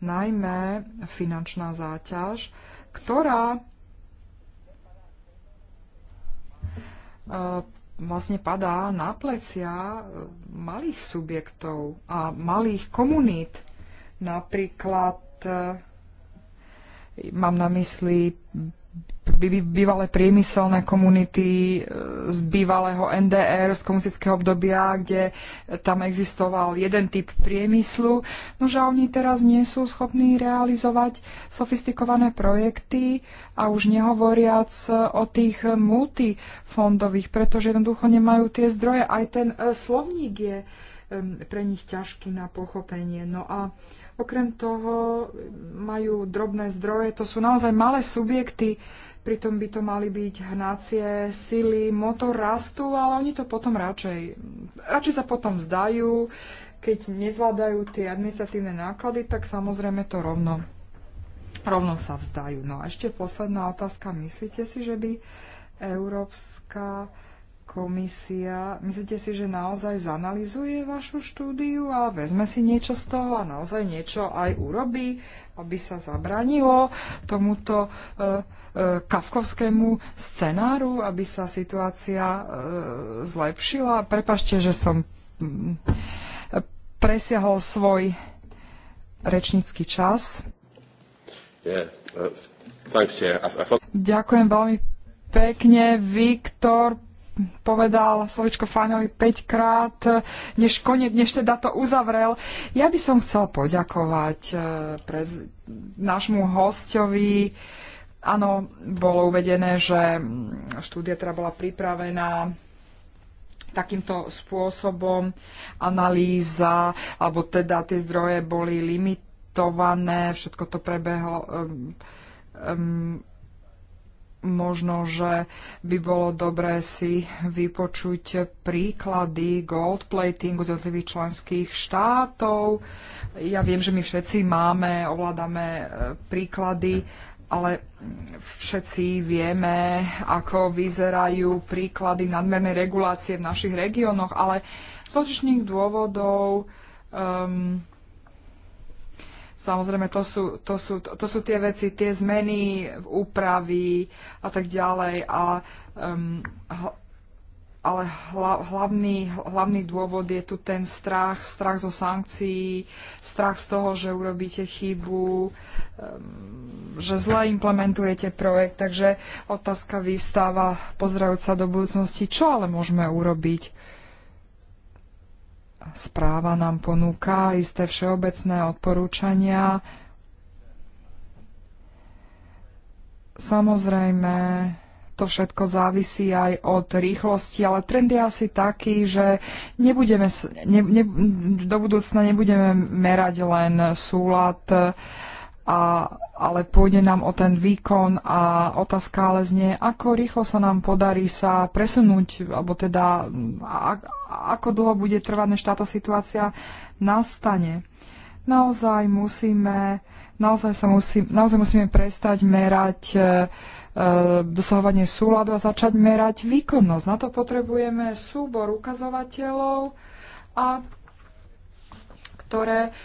Najmä finančná záťaž, ktorá E, vlastne padá na plecia e, malých subjektov a malých komunít. Napríklad e, mám na mysli bývalé priemyselné komunity e, z bývalého NDR, z komunistického obdobia, kde tam existoval jeden typ priemyslu. No, že oni teraz nie sú schopní realizovať sofistikované projekty a už nehovoriac o tých multifondových, pretože jednoducho nemajú tie zdroje. Aj ten e, slovník je pre nich ťažký na pochopenie. No a Okrem toho mm, majú drobné zdroje, to sú naozaj malé subjekty, pritom by to mali byť hnacie sily, motor rastu, ale oni to potom radšej, radšej sa potom vzdajú, keď nezvládajú tie administratívne náklady, tak samozrejme to rovno, rovno sa vzdajú. No a ešte posledná otázka. Myslíte si, že by Európska komisia, myslíte si, že naozaj zanalizuje vašu štúdiu a vezme si niečo z toho a naozaj niečo aj urobí, aby sa zabranilo tomuto e, e, kafkovskému scenáru, aby sa situácia e, zlepšila. Prepašte, že som mm, presiahol svoj rečnícky čas. Yeah. Uh, thanks, yeah. I, I... Ďakujem veľmi pekne, Viktor povedal slovičko Fáňovi 5 krát, než, konec, než teda to uzavrel. Ja by som chcel poďakovať e, pre nášmu hostovi. Áno, bolo uvedené, že štúdia teda bola pripravená takýmto spôsobom analýza, alebo teda tie zdroje boli limitované, všetko to prebehlo um, um, možno, že by bolo dobré si vypočuť príklady goldplatingu z jednotlivých členských štátov. Ja viem, že my všetci máme, ovládame e, príklady, ale všetci vieme, ako vyzerajú príklady nadmernej regulácie v našich regiónoch, ale z dôvodov um, Samozrejme, to sú, to sú, to, sú tie veci, tie zmeny úpravy a tak ďalej. A, um, ale hla, hlavný, hlavný dôvod je tu ten strach, strach zo sankcií, strach z toho, že urobíte chybu, um, že zle implementujete projekt. Takže otázka vystáva, pozdravujúca do budúcnosti, čo ale môžeme urobiť správa nám ponúka isté všeobecné odporúčania. Samozrejme, to všetko závisí aj od rýchlosti, ale trend je asi taký, že nebudeme, ne, ne, do budúcna nebudeme merať len súlad a, ale pôjde nám o ten výkon a otázka ale znie, ako rýchlo sa nám podarí sa presunúť, alebo teda a, ako dlho bude trvať, než táto situácia nastane. Naozaj musíme, naozaj sa musí, naozaj musíme prestať merať e, e, dosahovanie súladu a začať merať výkonnosť. Na to potrebujeme súbor ukazovateľov a ktoré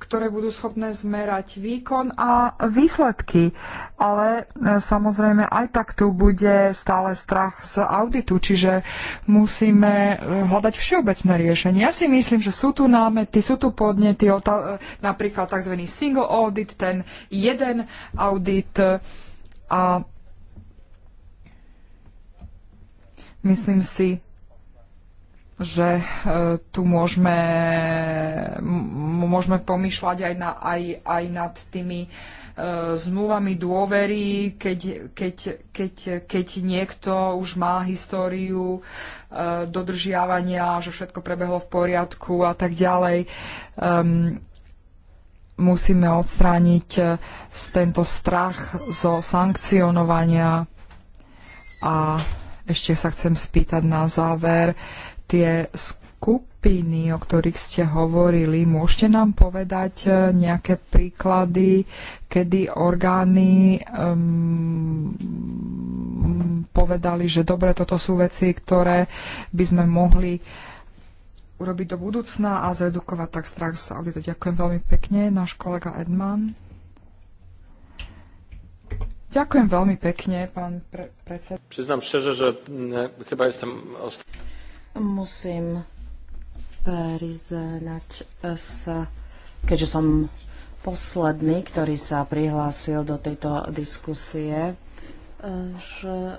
ktoré budú schopné zmerať výkon a výsledky. Ale e, samozrejme aj tak tu bude stále strach z auditu, čiže musíme e, hľadať všeobecné riešenie. Ja si myslím, že sú tu námety, sú tu podnety, e, napríklad tzv. single audit, ten jeden audit a myslím si, že e, tu môžeme, môžeme pomýšľať aj, na, aj, aj nad tými e, zmluvami dôvery, keď, keď, keď, keď niekto už má históriu e, dodržiavania, že všetko prebehlo v poriadku a tak ďalej. Um, musíme odstrániť tento strach zo sankcionovania. A ešte sa chcem spýtať na záver. Uh, tie skupiny, o ktorých ste hovorili, môžete nám povedať e, nejaké príklady, kedy orgány um, povedali, že dobre, toto sú veci, ktoré by sme mohli urobiť do budúcna a zredukovať tak strach z audita. Ďakujem veľmi pekne, náš kolega Edman. Ďakujem veľmi pekne, pán pre- predseda. Priznám szczerze, že chyba jestem ostatný. Musím priznať eh, sa, keďže som posledný, ktorý sa prihlásil do tejto diskusie, eh, že eh,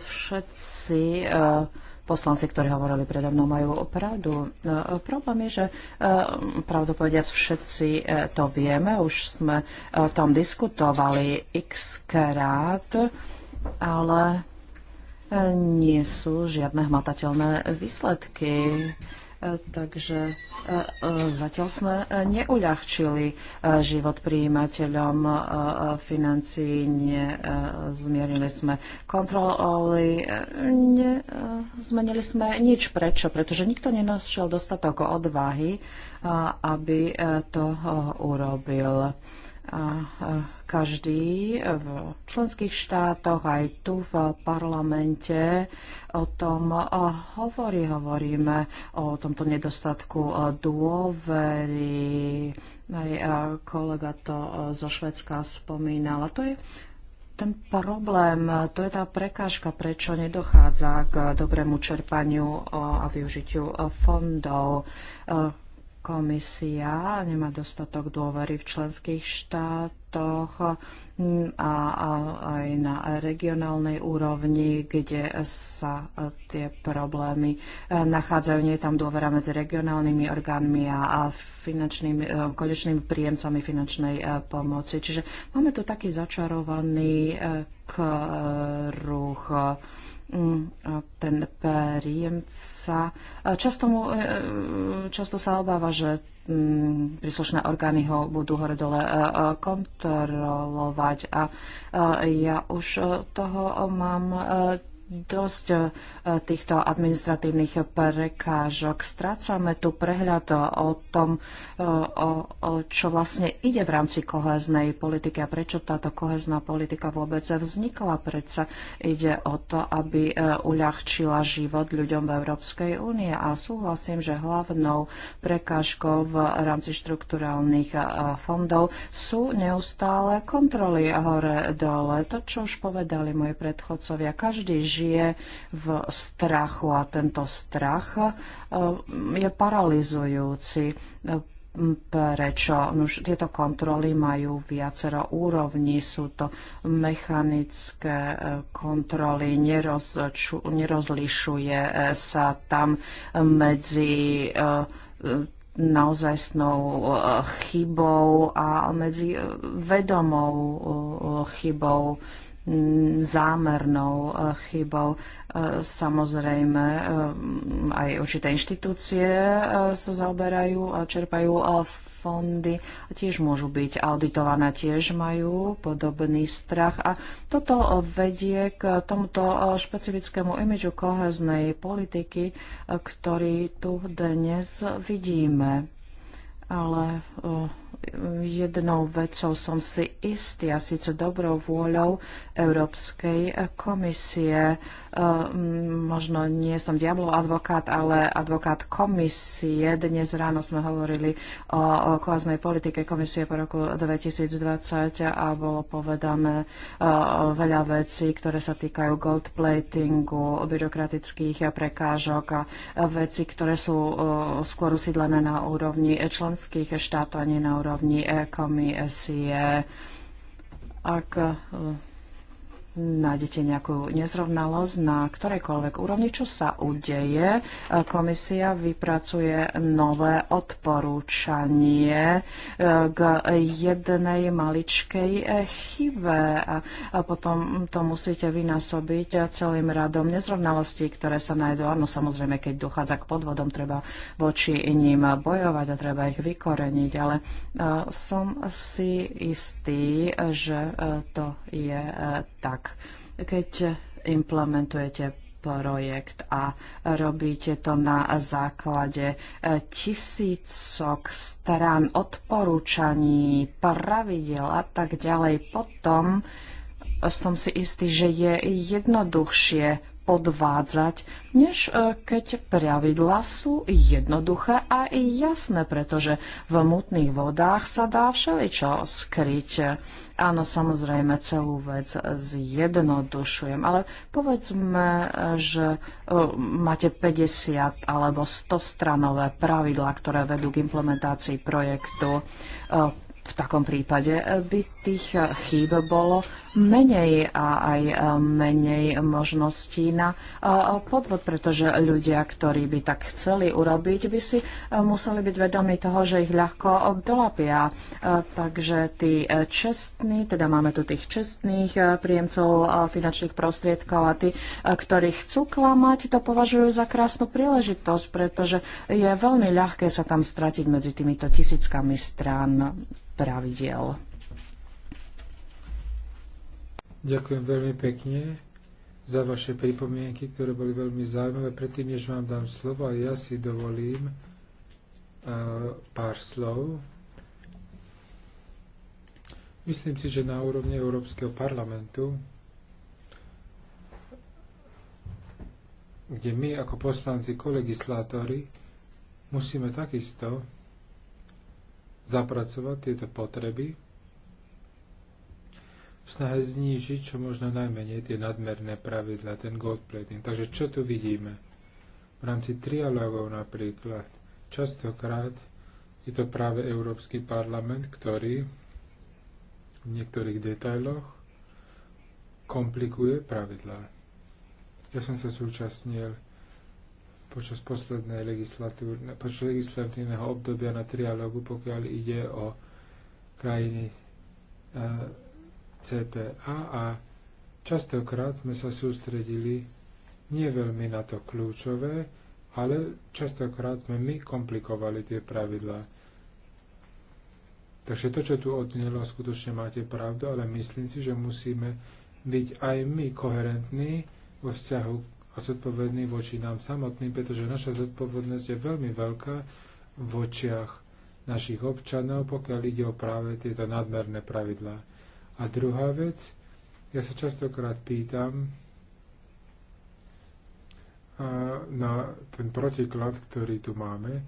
všetci poslanci, ktorí hovorili predo mnou, majú pravdu. Problém je, že pravdopovediac všetci to vieme, už sme o tom diskutovali x krát, ale nie sú žiadne hmatateľné výsledky. Takže e, e, zatiaľ sme e, neuľahčili život príjimateľom financií, nezmierili sme kontroly, nezmenili sme nič. Prečo? Pretože nikto nenašiel dostatok odvahy, aby to urobil každý v členských štátoch, aj tu v parlamente o tom hovorí. Hovoríme o tomto nedostatku dôvery. Aj kolega to zo Švedska spomínal. A to je ten problém, to je tá prekážka, prečo nedochádza k dobrému čerpaniu a využitiu fondov komisia nemá dostatok dôvery v členských štátoch a, aj na regionálnej úrovni, kde sa tie problémy e, nachádzajú. Nie je tam dôvera medzi regionálnymi orgánmi a finančnými, e, konečnými príjemcami finančnej e, pomoci. Čiže máme tu taký začarovaný kruh. Mm, ten príjemca. Často, mu, e, e, často sa obáva, že mm, príslušné orgány ho budú hore-dole e, kontrolovať a ja už toho mám dosť e, týchto administratívnych prekážok. Strácame tu prehľad o tom, e, o, o čo vlastne ide v rámci koheznej politiky a prečo táto kohezná politika vôbec vznikla. Prečo ide o to, aby e, uľahčila život ľuďom v Európskej únie a súhlasím, že hlavnou prekážkou v rámci štrukturálnych fondov sú neustále kontroly hore-dole. To, čo už povedali moji predchodcovia, každý žije žije v strachu a tento strach eh, je paralizujúci. Prečo? No už tieto kontroly majú viacero úrovní. Sú to mechanické eh, kontroly, nerozču, nerozlišuje eh, sa tam medzi naozajstnou chybou a medzi vedomou chybou zámernou e, chybou. E, samozrejme, e, aj určité inštitúcie sa zaoberajú a čerpajú fondy tiež môžu byť auditované, tiež majú podobný strach. A toto vedie k tomuto špecifickému imidžu koheznej politiky, ktorý tu dnes vidíme ale eh, jednou vecou som si istý a síce dobrou vôľou Európskej eh, komisie. Eh, možno nie som diablov advokát, ale advokát komisie. Dnes ráno sme hovorili o, o kváznej politike komisie po roku 2020 a bolo povedané veľa vecí, ktoré sa týkajú gold platingu, byrokratických prekážok a veci, ktoré sú skôr usídlené na úrovni členských členských štátov, ani na úrovni eh, komisie. Ak eh, nájdete nejakú nezrovnalosť na ktorejkoľvek úrovni, čo sa udeje. Komisia vypracuje nové odporúčanie eh, k jednej maličkej eh, chybe a potom to musíte vynásobiť eh, celým radom nezrovnalostí, ktoré sa nájdú. Áno, samozrejme, keď dochádza k podvodom, treba voči ním bojovať a treba ich vykoreniť, ale som si istý, že to je tak tak, keď implementujete projekt a robíte to na základe eh, tisícok strán odporúčaní, pravidel a tak ďalej, potom som si istý, že je jednoduchšie odvádzať, než e, keď pravidla sú jednoduché a jasné, pretože v mutných vodách sa dá všeličo skryť. Áno, samozrejme, celú vec zjednodušujem, ale povedzme, že e, máte 50 alebo 100 stranové pravidla, ktoré vedú k implementácii projektu e, v takom prípade eh, by tých eh, chýb bolo menej a aj eh, menej možností na podvod, pretože ľudia, ktorí by tak chceli urobiť, by si museli byť vedomi toho, že ich ľahko dolapia. Takže tí čestní, teda máme tu tých čestných príjemcov finančných prostriedkov a tí, ktorí chcú klamať, to považujú za krásnu príležitosť, pretože je veľmi ľahké sa tam stratiť medzi týmito tisíckami strán pravidel. Ďakujem veľmi pekne za vaše pripomienky, ktoré boli veľmi zaujímavé. Predtým, než vám dám slovo, ja si dovolím uh, pár slov. Myslím si, že na úrovni Európskeho parlamentu, kde my ako poslanci, kolegislátori, musíme takisto zapracovať tieto potreby v snahe znížiť čo možno najmenej tie nadmerné pravidla, ten gold plating. Takže čo tu vidíme? V rámci trialogov napríklad častokrát je to práve Európsky parlament, ktorý v niektorých detailoch komplikuje pravidlá. Ja som sa súčasnil počas počas legislatívneho obdobia na trialógu, pokiaľ ide o krajiny e, CPA a častokrát sme sa sústredili nie veľmi na to kľúčové, ale častokrát sme my komplikovali tie pravidlá. Takže to, čo tu odnelo, skutočne máte pravdu, ale myslím si, že musíme byť aj my koherentní vo vzťahu k a zodpovedný voči nám samotným, pretože naša zodpovednosť je veľmi veľká v očiach našich občanov, pokiaľ ide o práve tieto nadmerné pravidlá. A druhá vec, ja sa častokrát pýtam na ten protiklad, ktorý tu máme,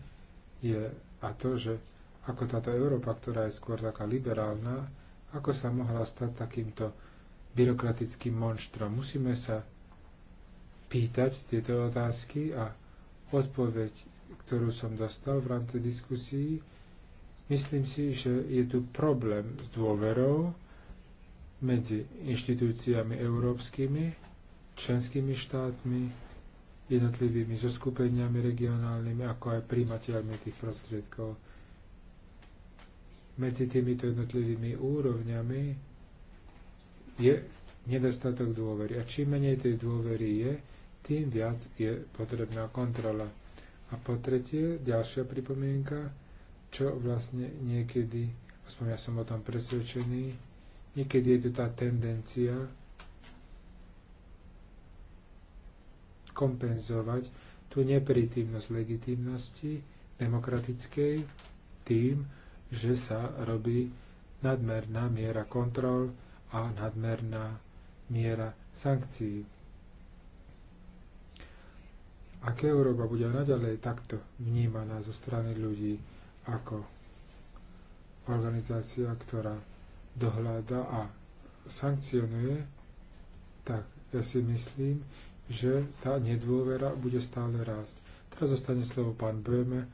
je a to, že ako táto Európa, ktorá je skôr taká liberálna, ako sa mohla stať takýmto byrokratickým monštrom. Musíme sa pýtať tieto otázky a odpoveď, ktorú som dostal v rámci diskusí, myslím si, že je tu problém s dôverou medzi inštitúciami európskymi, členskými štátmi, jednotlivými zoskupeniami regionálnymi, ako aj príjmateľmi tých prostriedkov. Medzi týmito jednotlivými úrovňami je nedostatok dôvery. A čím menej tej dôvery je, tým viac je potrebná kontrola. A po tretie, ďalšia pripomienka, čo vlastne niekedy, aspoň ja som o tom presvedčený, niekedy je tu tá tendencia kompenzovať tú neprítimnosť legitimnosti demokratickej tým, že sa robí nadmerná miera kontrol a nadmerná miera sankcií. Ak Európa bude naďalej takto vnímaná zo strany ľudí ako organizácia, ktorá dohľada a sankcionuje, tak ja si myslím, že tá nedôvera bude stále rásť. Teraz zostane slovo pán Böhme,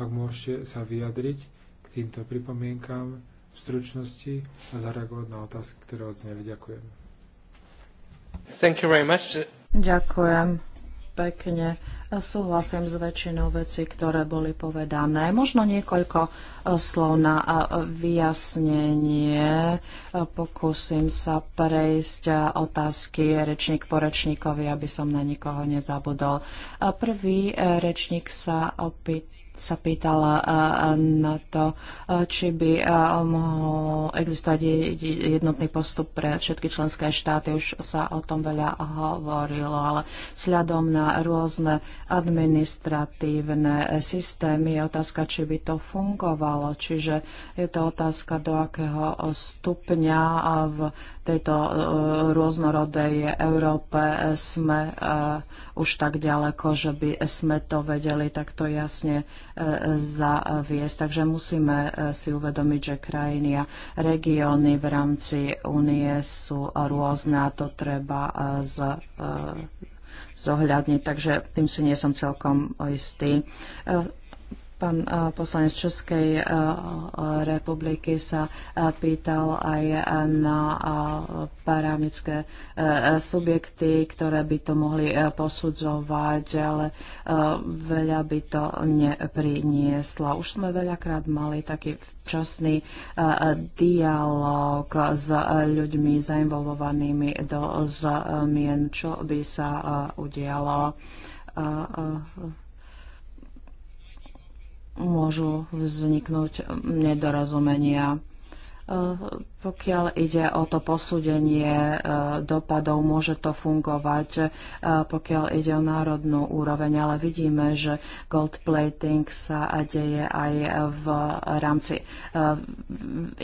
ak môžete sa vyjadriť k týmto pripomienkám v stručnosti a zareagovať na otázky, ktoré odzneli. Ďakujem. Thank you very much. Ďakujem pekne. Súhlasím s väčšinou vecí, ktoré boli povedané. Možno niekoľko e, slov na e, vyjasnenie. E, pokúsim sa prejsť otázky rečník po rečníkovi, aby som na nikoho nezabudol. Prvý rečník sa opýta sa pýtala eh, na to, eh, či by eh, mohol existovať jednotný postup pre všetky členské štáty. Už sa o tom veľa hovorilo, ale sľadom na rôzne administratívne systémy je otázka, či by to fungovalo. Čiže je to otázka, do akého stupňa v tejto e, rôznorodej Európe e, sme e, už tak ďaleko, že by sme to vedeli takto jasne zaviesť. Takže musíme si uvedomiť, že krajiny a regióny v rámci únie sú rôzne a to treba z zohľadniť, takže tým si nie som celkom istý. Pán eh, poslanec Českej eh, republiky sa eh, pýtal aj na parámické subjekty, ktoré by to mohli posudzovať, ale veľa by to neprinieslo. Už sme veľakrát mali taký včasný dialog s ľuďmi zainvolvovanými do zmien, čo by sa udialo môžu vzniknúť nedorozumenia. E, pokiaľ ide o to posúdenie e, dopadov, môže to fungovať, e, pokiaľ ide o národnú úroveň, ale vidíme, že gold plating sa deje aj v rámci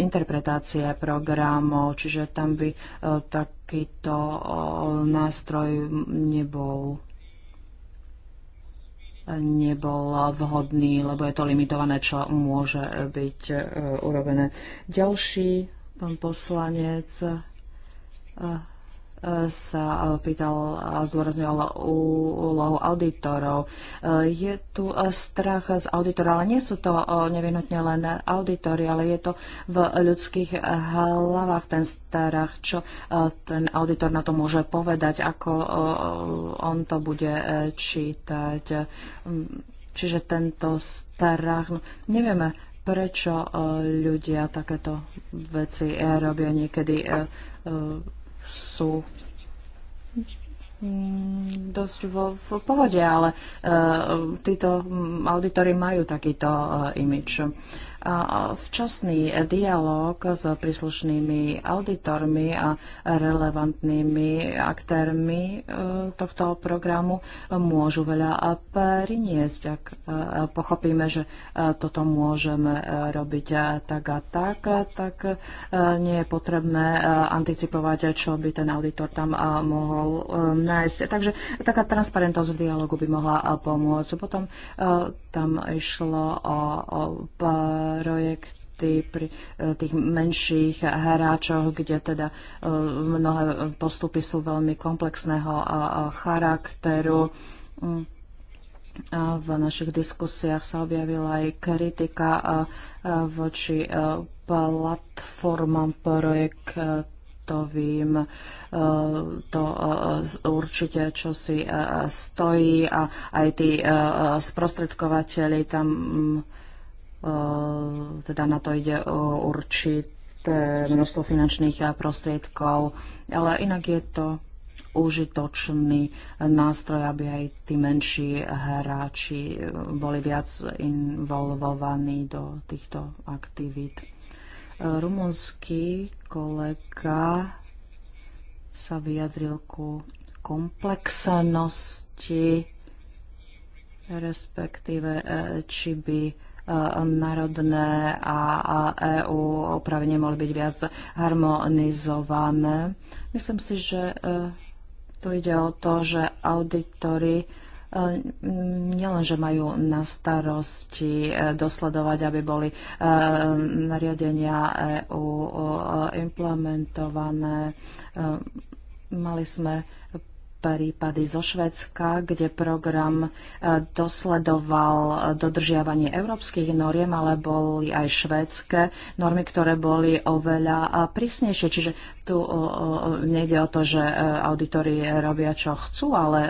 interpretácie programov, čiže tam by takýto nástroj nebol nebol vhodný, lebo je to limitované, čo môže byť e, urobené. Ďalší pán poslanec. E, sa eh, pýtal a zdôrazňoval úlohu auditorov. Eh, je tu eh, strach z auditorov, ale nie sú to nevyhnutne len auditory, ale je to v ľudských hlavách ten strach, čo ten auditor na to môže povedať, ako on to bude čítať. Mm, čiže tento strach, no, nevieme, prečo ľudia takéto veci robia niekedy sú mm, dosť vo, v pohode, ale uh, títo mm, auditory majú takýto uh, e, imič. Uh, včasný dialog s príslušnými auditormi a relevantnými aktérmi e, tohto programu môžu veľa priniesť, ak e, pochopíme, že e, toto môžeme robiť tak a tak, tak nie je potrebné anticipovať, čo by ten auditor tam mohol nájsť. Takže taká transparentnosť dialogu by mohla pomôcť. Potom tam išlo o, o projekty pri e, tých menších hráčoch, kde teda e, mnohé postupy sú veľmi komplexného charakteru. Mm. V našich diskusiách sa objavila aj kritika e, voči platformám projekt vím To určite čo si stojí a aj tí sprostredkovateľi tam mm, Eh, teda na to ide eh, určité množstvo finančných eh, prostriedkov, ale inak je to užitočný nástroj, aby aj tí menší hráči boli viac involvovaní do týchto aktivít. Rumunský kolega sa vyjadril ku komplexnosti, respektíve či by národné a EU opravne mohli byť viac harmonizované. Myslím si, že e, tu ide o to, že auditory e, nielenže majú na starosti e, dosledovať, aby boli nariadenia EU implementované. Mali sme prípady zo Švedska, kde program e, dosledoval e, dodržiavanie európskych noriem, ale boli aj švédske normy, ktoré boli oveľa e, prísnejšie. Čiže tu nejde o to, že auditori robia, čo chcú, ale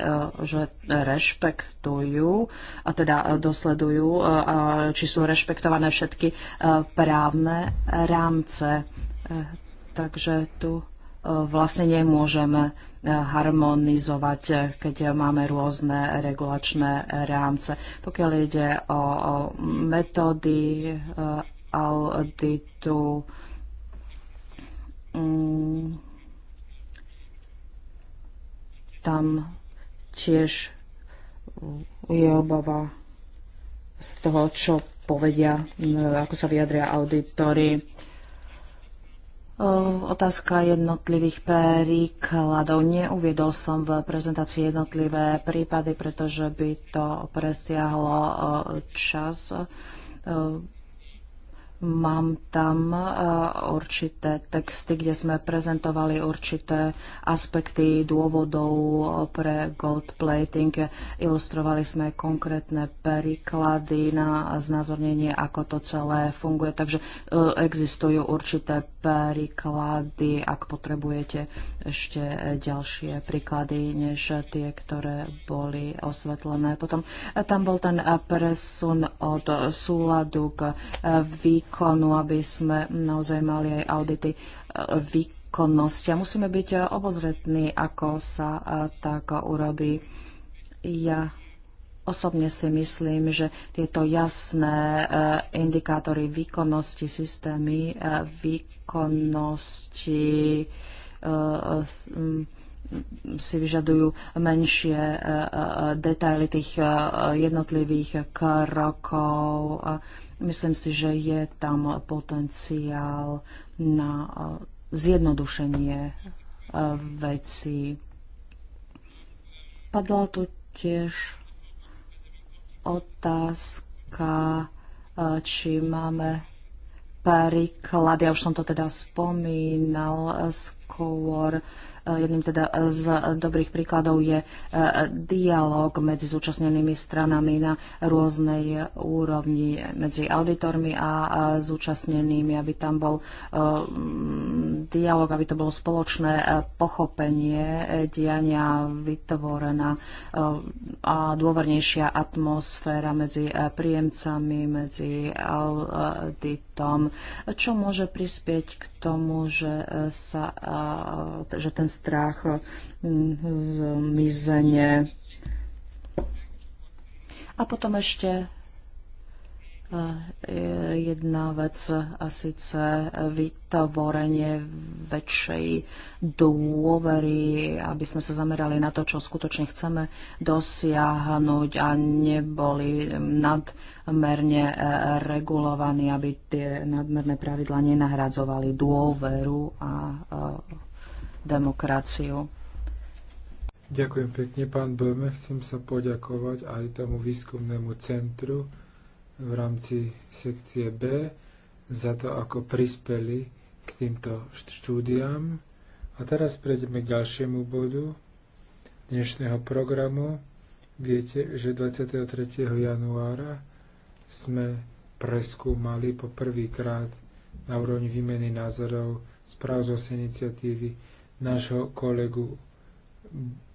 že rešpektujú a teda dosledujú, či sú rešpektované všetky právne rámce. Takže tu vlastne nemôžeme harmonizovať, keď máme rôzne regulačné rámce. Pokiaľ ide o metódy eh, auditu, mm, tam tiež je obava z toho, čo povedia, eh, ako sa vyjadria auditory Otázka jednotlivých príkladov. Neuviedol som v prezentácii jednotlivé prípady, pretože by to presiahlo čas. Mám tam určité texty, kde sme prezentovali určité aspekty dôvodov pre gold plating. Ilustrovali sme konkrétne príklady na znázornenie, ako to celé funguje. Takže existujú určité príklady, ak potrebujete ešte ďalšie príklady, než tie, ktoré boli osvetlené. Potom eh, tam bol ten eh, presun od súladu k eh, výkonu, aby sme naozaj mali aj audity výkonnosti. A musíme byť obozretní, ako sa tak urobí. Ja Osobne si myslím, že tieto jasné indikátory výkonnosti, systémy výkonnosti, výkonnosti eh, eh, si vyžadujú menšie eh, detaily tých jednotlivých krokov. Myslím si, že je tam potenciál na zjednodušenie veci. Padla tu tiež otázka, či máme príklad, ja už som to teda spomínal skôr, e, Jedným teda z dobrých príkladov je e, dialog medzi zúčastnenými stranami na rôznej úrovni, medzi auditormi a zúčastnenými, aby tam bol e, dialog, aby to bolo spoločné pochopenie diania vytvorená a dôvernejšia atmosféra medzi príjemcami, medzi auditormi tom, čo môže prispieť k tomu, že, e, sa, že ten strach zmizne. A potom ešte Eh, jedna vec a síce vytvorenie väčšej dôvery, aby sme sa zamerali na to, čo skutočne chceme dosiahnuť a neboli nadmerne eh, regulovaní, aby tie nadmerné pravidla nenahradzovali dôveru a eh, demokraciu. Ďakujem pekne, pán Böhme. Chcem sa poďakovať aj tomu výskumnému centru, v rámci sekcie B za to, ako prispeli k týmto štúdiám. A teraz prejdeme k ďalšiemu bodu dnešného programu. Viete, že 23. januára sme preskúmali po prvýkrát na úrovni výmeny názorov správ z iniciatívy nášho kolegu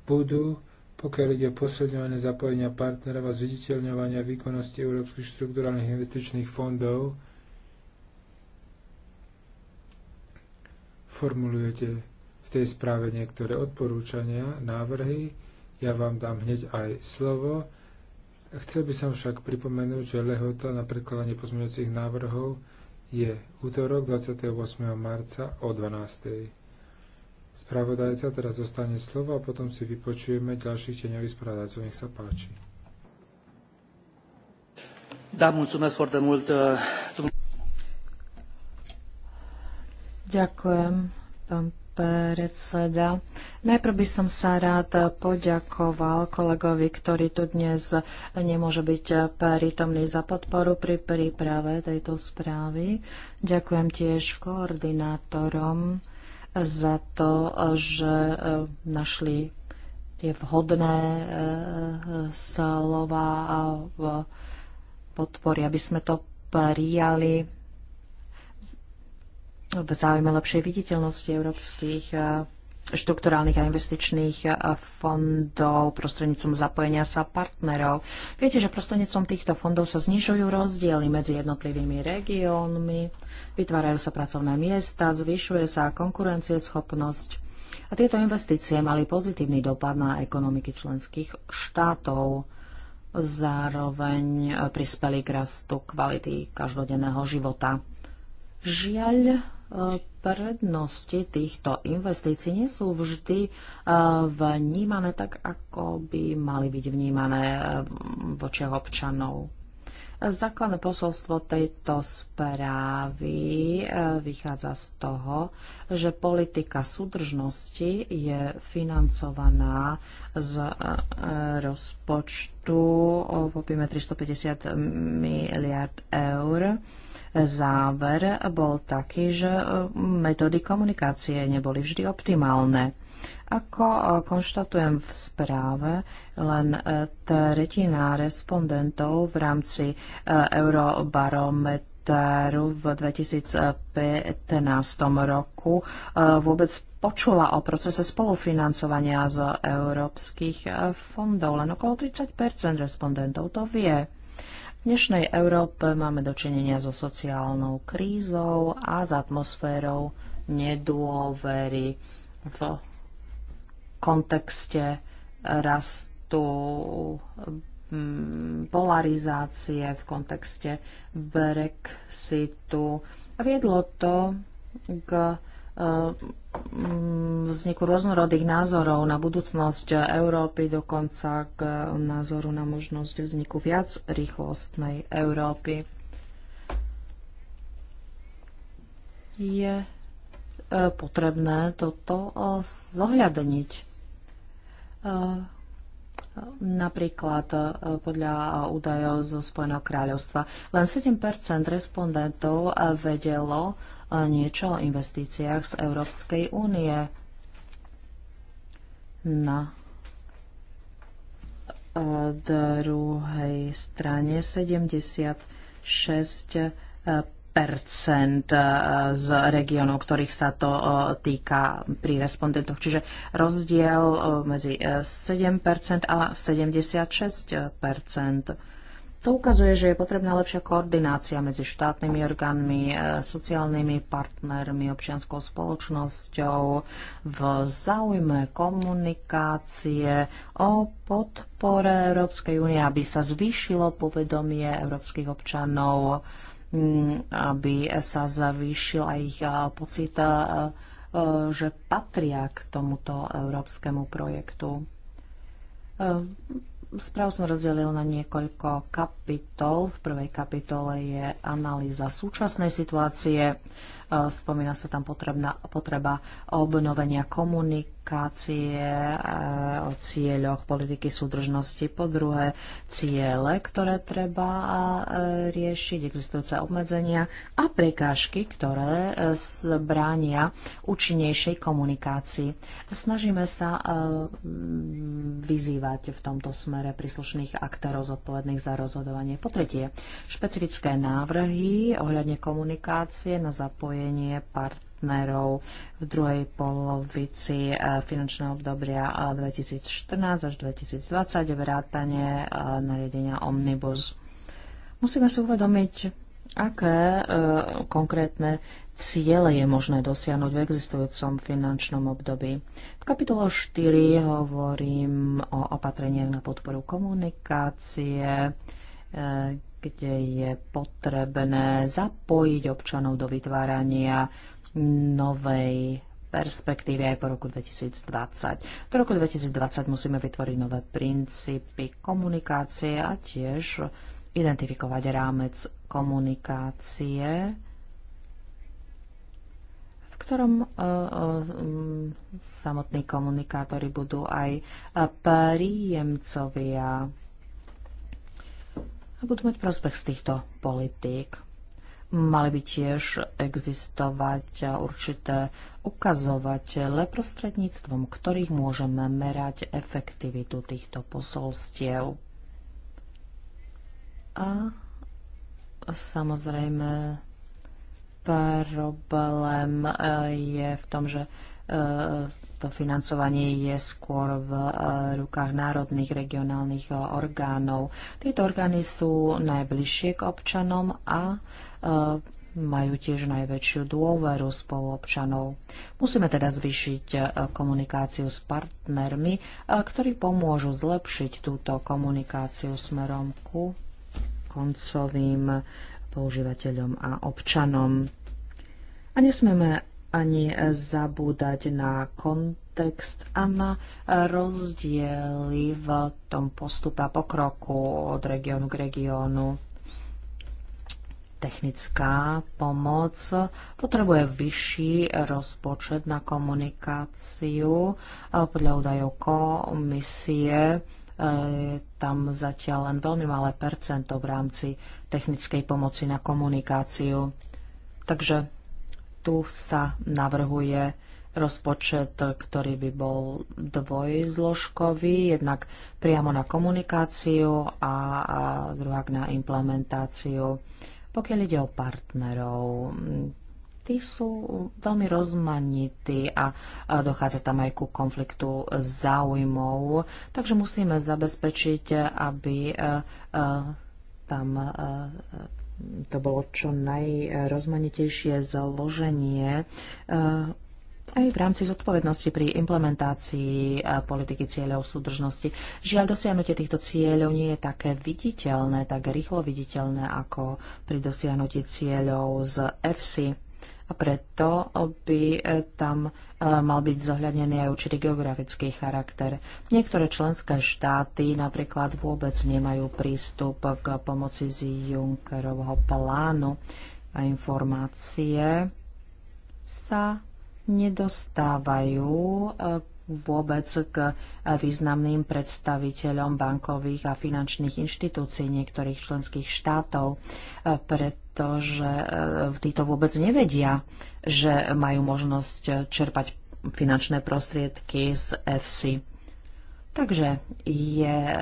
Budu pokiaľ ide o posilňovanie zapojenia partnerov a zviditeľňovania výkonnosti európskych štruktúrálnych investičných fondov, formulujete v tej správe niektoré odporúčania, návrhy. Ja vám dám hneď aj slovo. Chcel by som však pripomenúť, že lehota na predkladanie pozmeňujúcich návrhov je útorok 28. marca o 12. Spravodajca teraz zostane slovo a potom si vypočujeme ďalších teňových spravodajcov. Nech sa páči. Da, mulțumesc foarte mult. Uh, Ďakujem, pán predseda. Najprv by som sa rád poďakoval kolegovi, ktorý tu dnes nemôže byť prítomný za podporu pri príprave tejto správy. Ďakujem tiež koordinátorom za to, že eh, našli tie vhodné eh, slova a podpory, aby sme to prijali v záujme lepšej viditeľnosti európskych eh, štrukturálnych a investičných e, fondov prostrednícom zapojenia sa partnerov. Viete, že prostrednícom týchto fondov sa znižujú rozdiely medzi jednotlivými regiónmi, vytvárajú sa pracovné miesta, zvyšuje sa konkurencieschopnosť. A tieto investície mali pozitívny dopad na ekonomiky členských štátov. Zároveň e, prispeli k rastu kvality každodenného života. Žiaľ, prednosti týchto investícií nie sú vždy eh, vnímané tak, ako by mali byť vnímané eh, v očiach občanov. Základné posolstvo tejto správy eh, vychádza z toho, že politika súdržnosti je financovaná z rozpočtu v objeme 350 miliard eur záver bol taký, že e, metódy komunikácie neboli vždy optimálne. Ako e, konštatujem v správe, len e, tretina respondentov v rámci Eurobarometru v 2015 roku vôbec počula o procese spolufinancovania z európskych fondov. Len okolo 30 respondentov to vie. V dnešnej Európe máme dočinenia so sociálnou krízou a s atmosférou nedôvery v kontexte rastu mm, polarizácie, v kontexte Brexitu. Viedlo to k e, Mm, vzniku rôznorodých názorov na budúcnosť Európy, dokonca k názoru na možnosť vzniku viac rýchlostnej Európy. Je e, potrebné toto e, zohľadniť. E, napríklad podľa údajov zo Spojeného kráľovstva len 7 respondentov vedelo, niečo o investíciách z Európskej únie na e, druhej strane 76 e, percent e, z regionov, ktorých sa to týka pri respondentoch. Čiže rozdiel medzi 7 a 76 to ukazuje, že je potrebná lepšia koordinácia medzi štátnymi orgánmi, e, sociálnymi partnermi, občianskou spoločnosťou v záujme komunikácie o podpore Európskej únie, aby sa zvýšilo povedomie európskych občanov, aby sa zvýšil aj ich e, pocit e, že patria k tomuto európskemu projektu. Správu som rozdelil na niekoľko kapitol. V prvej kapitole je analýza súčasnej situácie E, spomína sa tam potrebna, potreba obnovenia komunikácie e, o cieľoch politiky súdržnosti. Po druhé, ciele, ktoré treba e, riešiť, existujúce obmedzenia a prekážky, ktoré bránia účinnejšej komunikácii. Snažíme sa vyzývať v tomto smere príslušných aktérov zodpovedných za rozhodovanie. Po tretie, špecifické návrhy ohľadne komunikácie na zapojenie zapojenie partnerov v druhej polovici eh, finančného obdobia 2014 eh, až 2020 vrátane eh, nariadenia Omnibus. Musíme si uvedomiť, aké konkrétne ciele je možné dosiahnuť v existujúcom finančnom období. V kapitole 4 hovorím o opatreniach na podporu komunikácie, kde je potrebné zapojiť občanov do vytvárania novej perspektívy aj po roku 2020. Do roku 2020 musíme vytvoriť nové princípy komunikácie a tiež identifikovať rámec komunikácie, v ktorom uh, um, samotní komunikátori budú aj príjemcovia a budú mať prospech z týchto politík. Mali by tiež existovať určité ukazovatele, prostredníctvom ktorých môžeme merať efektivitu týchto posolstiev. A samozrejme problém eh, je v tom, že to financovanie je skôr v e, rukách národných regionálnych e, orgánov. Tieto orgány sú najbližšie k občanom a e, majú tiež najväčšiu dôveru spoluobčanov. Musíme teda zvýšiť komunikáciu s partnermi, ktorí pomôžu zlepšiť túto komunikáciu smerom ku koncovým používateľom a občanom. A nesmieme ani zabúdať na kontext a na rozdiely v tom postupe a pokroku od regiónu k regiónu. Technická pomoc potrebuje vyšší rozpočet na komunikáciu. Podľa údajov komisie e, tam zatiaľ len veľmi malé percento v rámci technickej pomoci na komunikáciu. Takže tu sa navrhuje rozpočet, ktorý by bol dvojzložkový, jednak priamo na komunikáciu a, a druhá na implementáciu. Pokiaľ ide o partnerov, tí sú veľmi rozmanití a dochádza tam aj ku konfliktu záujmov, takže musíme zabezpečiť, aby e, e, tam e, to bolo čo najrozmanitejšie zloženie eh, aj v rámci zodpovednosti pri implementácii eh, politiky cieľov súdržnosti. Žiaľ, dosiahnutie týchto cieľov nie je také viditeľné, tak rýchlo viditeľné ako pri dosiahnutí cieľov z EFSI a preto by e, tam e, mal byť zohľadnený aj určitý geografický charakter. Niektoré členské štáty napríklad vôbec nemajú prístup k pomoci z Junckerovho plánu a informácie sa nedostávajú e, vôbec k významným predstaviteľom bankových a finančných inštitúcií niektorých členských štátov, e, pretože e, títo vôbec nevedia, že majú možnosť čerpať finančné prostriedky z EFSI. Takže je e,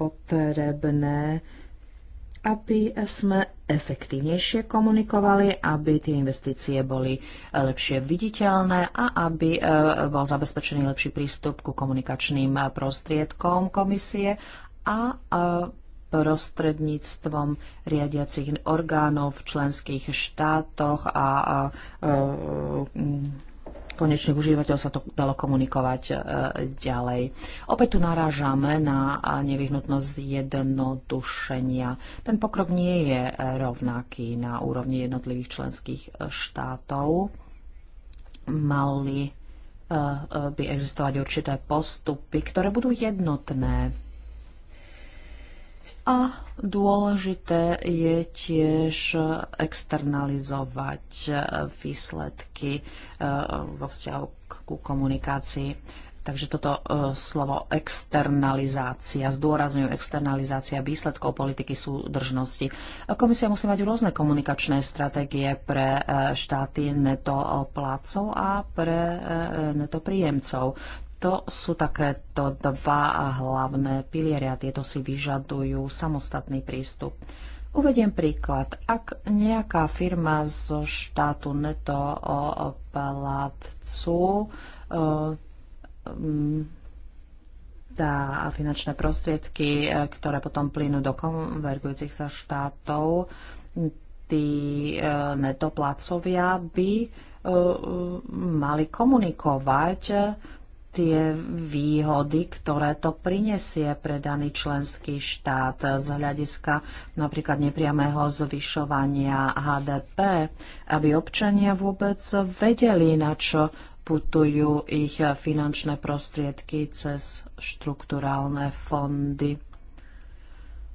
potrebné aby sme efektívnejšie komunikovali, aby tie investície boli eh, lepšie viditeľné a aby eh, bol zabezpečený lepší prístup ku komunikačným eh, prostriedkom komisie a prostredníctvom riadiacich orgánov v členských štátoch a, a, a konečných užívateľov sa to dalo komunikovať e, ďalej. Opäť tu narážame na e, nevyhnutnosť jednodušenia. Ten pokrok nie je e, rovnaký na úrovni jednotlivých členských štátov. Mali by existovať určité postupy, ktoré budú jednotné a dôležité je tiež externalizovať eh, výsledky eh, vo vzťahu ku komunikácii. Takže toto eh, slovo externalizácia, zdôrazňujú externalizácia výsledkov politiky súdržnosti. Komisia musí mať rôzne komunikačné stratégie pre štáty neto plácov a pre neto príjemcov. To sú takéto dva hlavné piliery a tieto si vyžadujú samostatný prístup. Uvediem príklad. Ak nejaká firma zo štátu neto platcu eh, mm, dá finančné prostriedky, eh, ktoré potom plynú do konvergujúcich sa štátov, tí eh, netoplacovia by mali komunikovať tie výhody, ktoré to prinesie pre daný členský štát z hľadiska napríklad nepriamého zvyšovania HDP, aby občania vôbec vedeli, na čo putujú ich finančné prostriedky cez štrukturálne fondy.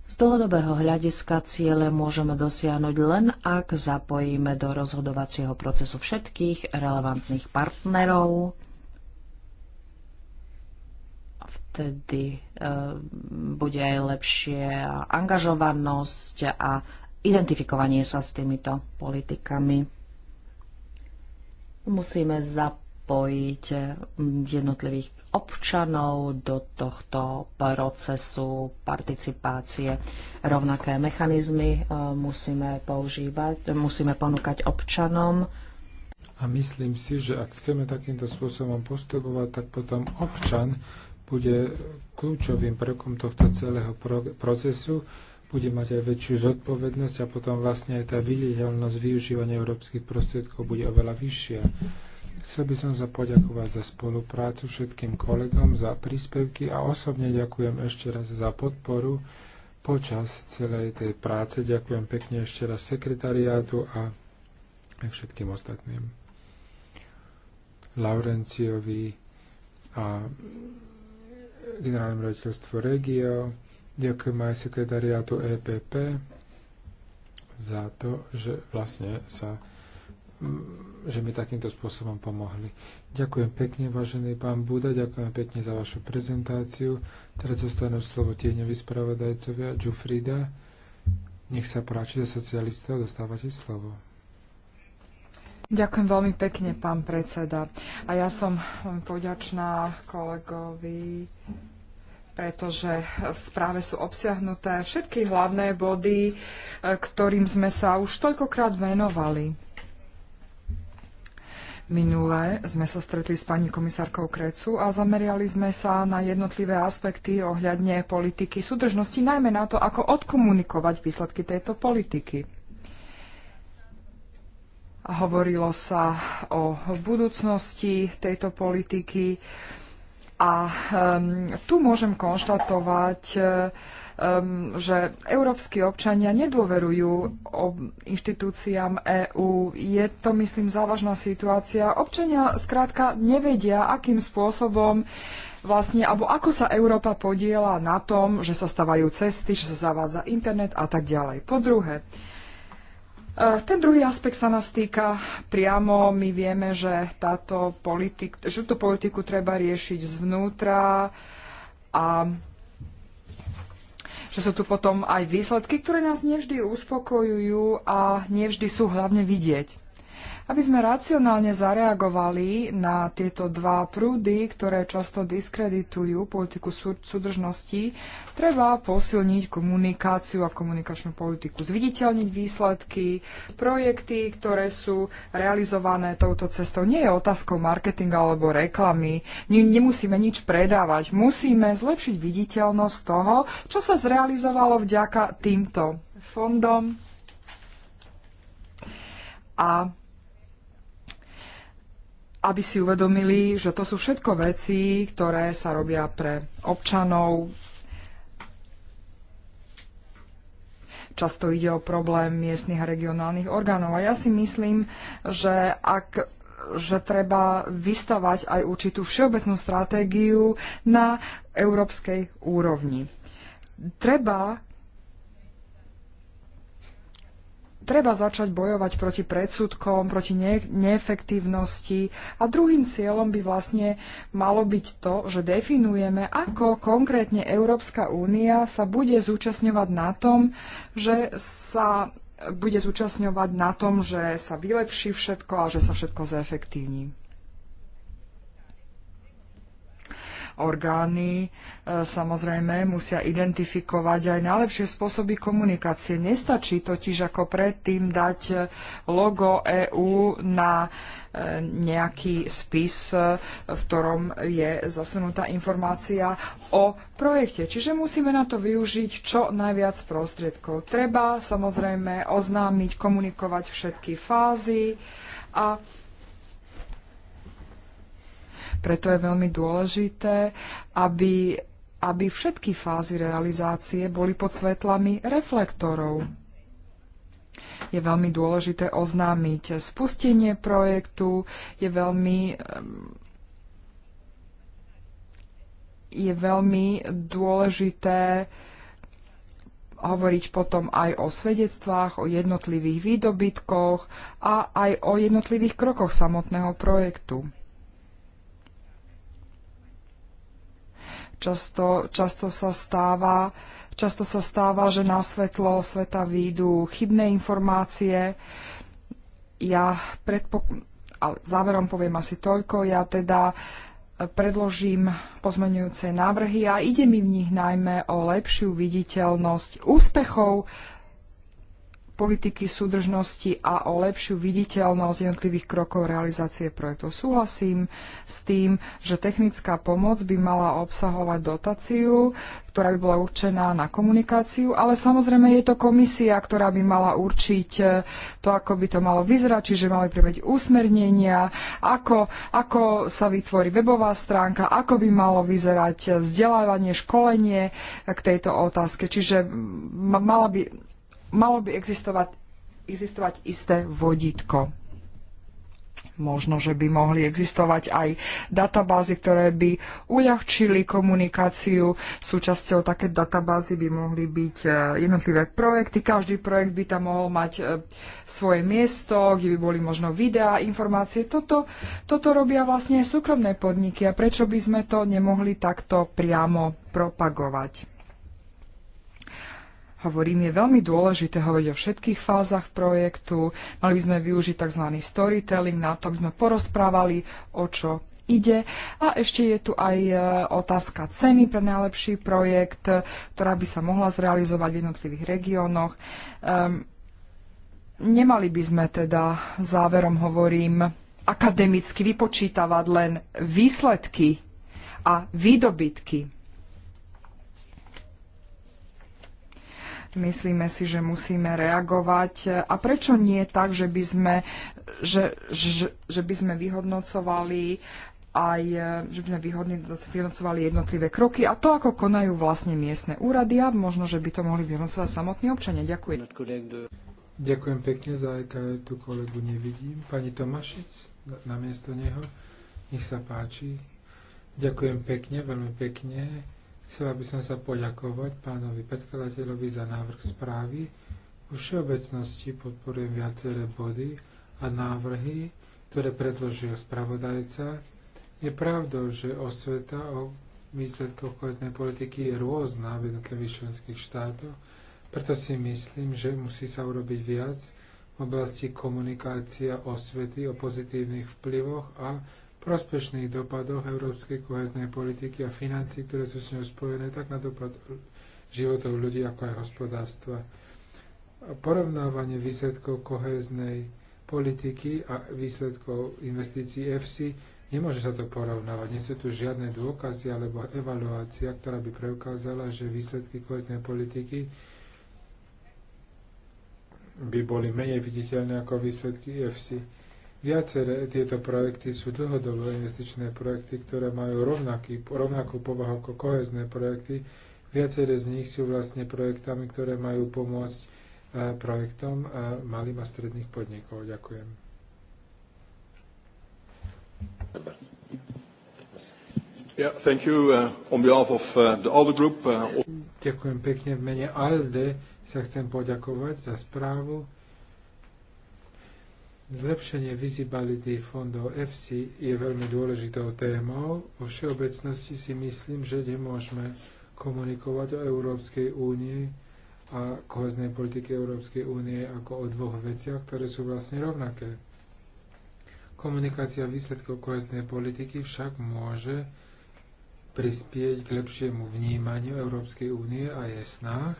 Z dlhodobého hľadiska ciele môžeme dosiahnuť len, ak zapojíme do rozhodovacieho procesu všetkých relevantných partnerov, vtedy e, bude aj lepšie angažovanosť a identifikovanie sa s týmito politikami. Musíme zapojiť e, jednotlivých občanov do tohto procesu participácie. Rovnaké mechanizmy e, musíme používať, musíme ponúkať občanom a myslím si, že ak chceme takýmto spôsobom postupovať, tak potom občan bude kľúčovým prvkom tohto celého procesu, bude mať aj väčšiu zodpovednosť a potom vlastne aj tá viditeľnosť využívania európskych prostriedkov bude oveľa vyššia. Chcel by som sa poďakovať za spoluprácu všetkým kolegom, za príspevky a osobne ďakujem ešte raz za podporu počas celej tej práce. Ďakujem pekne ešte raz sekretariátu a všetkým ostatným. Laurenciovi a generálne riaditeľstvo Regio, ďakujem aj sekretariátu EPP za to, že vlastne sa mm, že mi takýmto spôsobom pomohli. Ďakujem pekne, vážený pán Buda, ďakujem pekne za vašu prezentáciu. Teraz zostanú slovo tieňovi spravodajcovia Jufrida. Nech sa práči do socialistov, dostávate slovo. Ďakujem veľmi pekne, pán predseda. A ja som poďačná kolegovi, pretože v správe sú obsiahnuté všetky hlavné body, e, ktorým sme sa už toľkokrát venovali. Minule sme sa stretli s pani komisárkou Krecu a zameriali sme sa na jednotlivé aspekty ohľadne politiky súdržnosti, najmä na to, ako odkomunikovať výsledky tejto politiky hovorilo sa o budúcnosti tejto politiky a um, tu môžem konštatovať, um, že európsky občania nedôverujú inštitúciám EÚ. Je to, myslím, závažná situácia. Občania skrátka nevedia, akým spôsobom vlastne, alebo ako sa Európa podiela na tom, že sa stavajú cesty, že sa zavádza internet a tak ďalej. Po druhé, uh, Eh, ten druhý aspekt sa nás týka priamo. My vieme, že, táto politik, že túto politiku treba riešiť zvnútra a že sú tu potom aj výsledky, ktoré nás nevždy uspokojujú a nevždy sú hlavne vidieť aby sme racionálne zareagovali na tieto dva prúdy, ktoré často diskreditujú politiku súdržnosti, treba posilniť komunikáciu a komunikačnú politiku, zviditeľniť výsledky, projekty, ktoré sú realizované touto cestou. Nie je otázkou marketinga alebo reklamy. Nemusíme nič predávať. Musíme zlepšiť viditeľnosť toho, čo sa zrealizovalo vďaka týmto fondom. A aby si uvedomili, že to sú všetko veci, ktoré sa robia pre občanov. Často ide o problém miestnych a regionálnych orgánov. A ja si myslím, že ak že treba vystavať aj určitú všeobecnú stratégiu na európskej úrovni. Treba treba začať bojovať proti predsudkom, proti ne- neefektívnosti a druhým cieľom by vlastne malo byť to, že definujeme, ako konkrétne Európska únia sa bude zúčastňovať na tom, že sa bude zúčastňovať na tom, že sa vylepší všetko a že sa všetko zefektívni. orgány e, samozrejme musia identifikovať aj najlepšie spôsoby komunikácie. Nestačí totiž ako predtým dať e, logo EÚ na e, nejaký spis, v ktorom je zasunutá informácia o projekte. Čiže musíme na to využiť čo najviac prostriedkov. Treba samozrejme oznámiť, komunikovať všetky fázy a preto je veľmi dôležité, aby, aby všetky fázy realizácie boli pod svetlami reflektorov. Je veľmi dôležité oznámiť spustenie projektu, je veľmi ehm, je veľmi dôležité hovoriť potom aj o svedectvách, o jednotlivých výdobytkoch a aj o jednotlivých krokoch samotného projektu. Často, často, sa stáva, často sa stáva, že na svetlo sveta výjdu chybné informácie. Ja predpokladám, ale záverom poviem asi toľko, ja teda e, predložím pozmenujúce návrhy a ide mi v nich najmä o lepšiu viditeľnosť úspechov politiky súdržnosti a o lepšiu viditeľnosť jednotlivých krokov realizácie projektov. Súhlasím s tým, že technická pomoc by mala obsahovať dotáciu, ktorá by bola určená na komunikáciu, ale samozrejme je to komisia, ktorá by mala určiť eh, to, ako by to malo vyzerať, čiže mali prebeť usmernenia, ako, ako sa vytvorí webová stránka, ako by malo vyzerať vzdelávanie, školenie eh, k tejto otázke. Čiže mala by, malo by existovať, existovať isté vodítko. Možno, že by mohli existovať aj databázy, ktoré by uľahčili komunikáciu. Súčasťou také databázy by mohli byť e, jednotlivé projekty. Každý projekt by tam mohol mať e, svoje miesto, kde by boli možno videá, informácie. Toto, toto robia vlastne súkromné podniky a prečo by sme to nemohli takto priamo propagovať? hovorím, je veľmi dôležité hovoriť o všetkých fázach projektu. Mali by sme využiť tzv. storytelling na to, aby sme porozprávali, o čo ide. A ešte je tu aj e, otázka ceny pre najlepší projekt, ktorá by sa mohla zrealizovať v jednotlivých regiónoch. Um, nemali by sme teda, záverom hovorím, akademicky vypočítavať len výsledky a výdobytky Myslíme si, že musíme reagovať. A prečo nie tak, že by sme, že, že, že by sme vyhodnocovali aj, že by sme vyhodnocovali jednotlivé kroky a to, ako konajú vlastne miestne úrady a možno, že by to mohli vyhodnocovať samotní občania. Ďakujem. Ďakujem pekne za aj, tú kolegu nevidím. Pani Tomašic, na miesto neho, nech sa páči. Ďakujem pekne, veľmi pekne. Chcela by som sa poďakovať pánovi predkladateľovi za návrh správy. V všeobecnosti podporujem viaceré body a návrhy, ktoré predložil spravodajca. Je pravdou, že osveta o výsledkoch koheznej politiky je rôzna v jednotlivých členských štátoch, preto si myslím, že musí sa urobiť viac v oblasti komunikácia osvety o pozitívnych vplyvoch a prospešných dopadoch európskej koheznej politiky a financí, ktoré sú s ňou spojené, tak na dopad životov ľudí, ako aj hospodárstva. Porovnávanie výsledkov koheznej politiky a výsledkov investícií EFSI nemôže sa to porovnávať. Nie sú tu žiadne dôkazy alebo evaluácia, ktorá by preukázala, že výsledky koheznej politiky by boli menej viditeľné ako výsledky EFSI Viaceré tieto projekty sú dlhodobé investičné projekty, ktoré majú rovnaký, rovnakú povahu ako kohezné projekty. Viaceré z nich sú vlastne projektami, ktoré majú pomôcť e, projektom e, malým a stredných podnikov. Ďakujem. Uh, uh, uh, Ďakujem pekne. V mene ALDE sa chcem poďakovať za správu Zlepšenie vizibility fondov EFSI je veľmi dôležitou témou. Vo všeobecnosti si myslím, že nemôžeme komunikovať o Európskej únii a kohoznej politike Európskej únie ako o dvoch veciach, ktoré sú vlastne rovnaké. Komunikácia výsledkov kohoznej politiky však môže prispieť k lepšiemu vnímaniu Európskej únie a jej snách.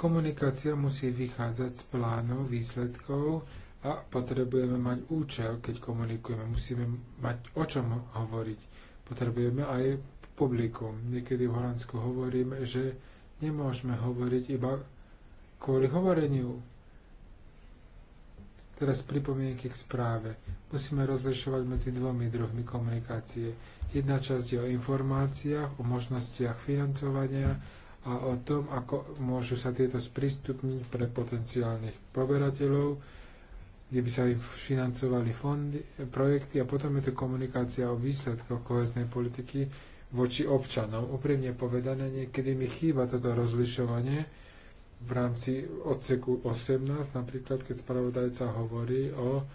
Komunikácia musí vychádzať z plánov, výsledkov, a potrebujeme mať účel, keď komunikujeme. Musíme mať o čom hovoriť. Potrebujeme aj publikum. Niekedy v Holandsku hovoríme, že nemôžeme hovoriť iba kvôli hovoreniu. Teraz pripomienky k správe. Musíme rozlišovať medzi dvomi druhmi komunikácie. Jedna časť je o informáciách, o možnostiach financovania a o tom, ako môžu sa tieto sprístupniť pre potenciálnych poberateľov kde by sa aj financovali fondy, projekty a potom je tu komunikácia o výsledkoch koheznej politiky voči občanom. Úprimne povedané, niekedy mi chýba toto rozlišovanie v rámci odseku 18, napríklad keď spravodajca hovorí o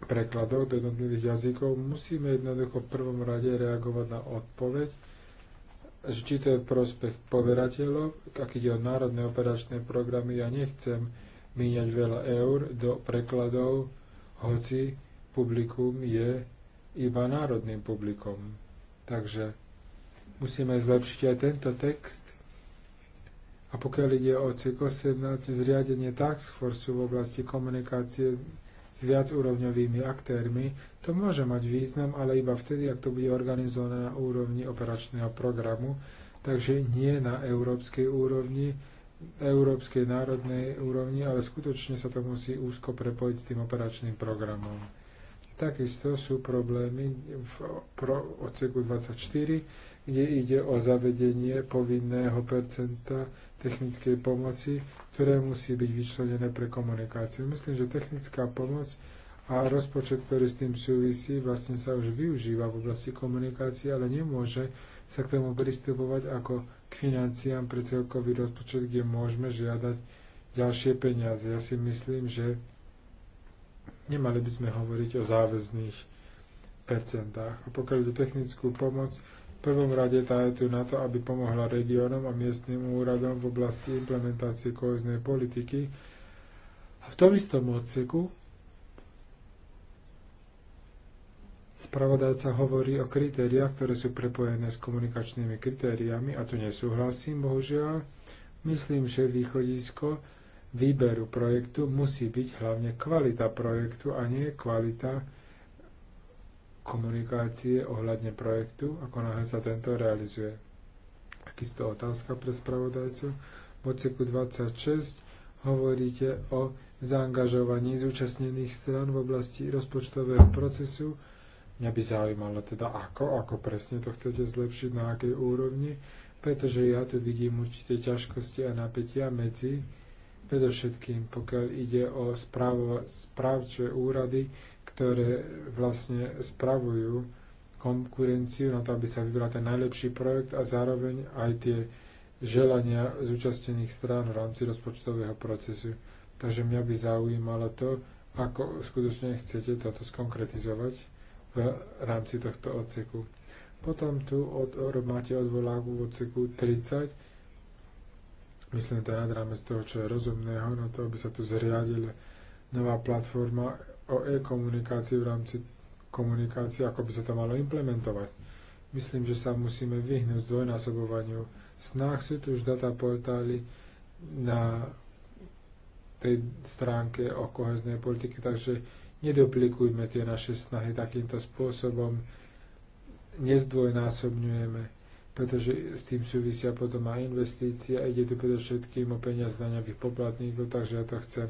prekladoch do jednotlivých jazykov, musíme jednoducho v prvom rade reagovať na odpoveď, či to je v prospech poverateľov, ak ide o národné operačné programy, ja nechcem míňať veľa eur do prekladov, hoci publikum je iba národným publikom. Takže musíme zlepšiť aj tento text. A pokiaľ ide o CIK 17, zriadenie tax force v oblasti komunikácie s viacúrovňovými aktérmi, to môže mať význam, ale iba vtedy, ak to bude organizované na úrovni operačného programu, takže nie na európskej úrovni, európskej národnej úrovni, ale skutočne sa to musí úzko prepojiť s tým operačným programom. Takisto sú problémy v pro odseku 24, kde ide o zavedenie povinného percenta technickej pomoci, ktoré musí byť vyčlenené pre komunikáciu. Myslím, že technická pomoc a rozpočet, ktorý s tým súvisí, vlastne sa už využíva v oblasti komunikácie, ale nemôže sa k tomu pristupovať ako k financiám pre celkový rozpočet, kde môžeme žiadať ďalšie peniaze. Ja si myslím, že nemali by sme hovoriť o záväzných percentách. A pokiaľ ide technickú pomoc, v prvom rade tá je tu na to, aby pomohla regiónom a miestnym úradom v oblasti implementácie kohezné politiky. A v tom istom odseku Spravodajca hovorí o kritériách, ktoré sú prepojené s komunikačnými kritériami a tu nesúhlasím, bohužiaľ. Myslím, že východisko výberu projektu musí byť hlavne kvalita projektu a nie kvalita komunikácie ohľadne projektu, ako náhle sa tento realizuje. Takisto otázka pre spravodajcu. V odseku 26 hovoríte o zaangažovaní zúčastnených stran v oblasti rozpočtového procesu Mňa by zaujímalo teda ako, ako presne to chcete zlepšiť, na akej úrovni, pretože ja tu vidím určité ťažkosti a napätia medzi, predovšetkým pokiaľ ide o správo, správče úrady, ktoré vlastne spravujú konkurenciu na to, aby sa vybral ten najlepší projekt a zároveň aj tie želania zúčastnených strán v rámci rozpočtového procesu. Takže mňa by zaujímalo to, ako skutočne chcete toto skonkretizovať v rámci tohto odseku. Potom tu od, máte odvolávku v odseku 30, myslím to je nad rámec toho, čo je rozumného, na to, aby sa tu zriadila nová platforma o e-komunikácii v rámci komunikácie, ako by sa to malo implementovať. Myslím, že sa musíme vyhnúť dvojnásobovaniu snah. Sú tu už data portály na tej stránke o koheznej politiky, takže nedoplikujme tie naše snahy takýmto spôsobom, nezdvojnásobňujeme, pretože s tým súvisia potom aj investície a ide tu predovšetkým o peniaz daňových poplatníkov, takže ja to chcem,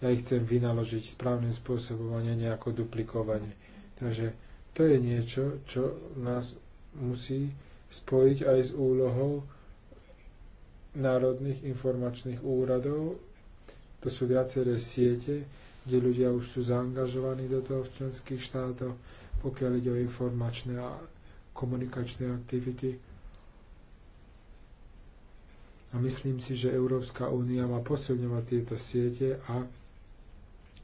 ja ich chcem vynaložiť správnym spôsobom a nie nejako duplikovanie. Takže to je niečo, čo nás musí spojiť aj s úlohou národných informačných úradov. To sú viaceré siete, kde ľudia už sú zaangažovaní do toho v členských štátoch, pokiaľ ide o informačné a komunikačné aktivity. A myslím si, že Európska únia má posilňovať tieto siete a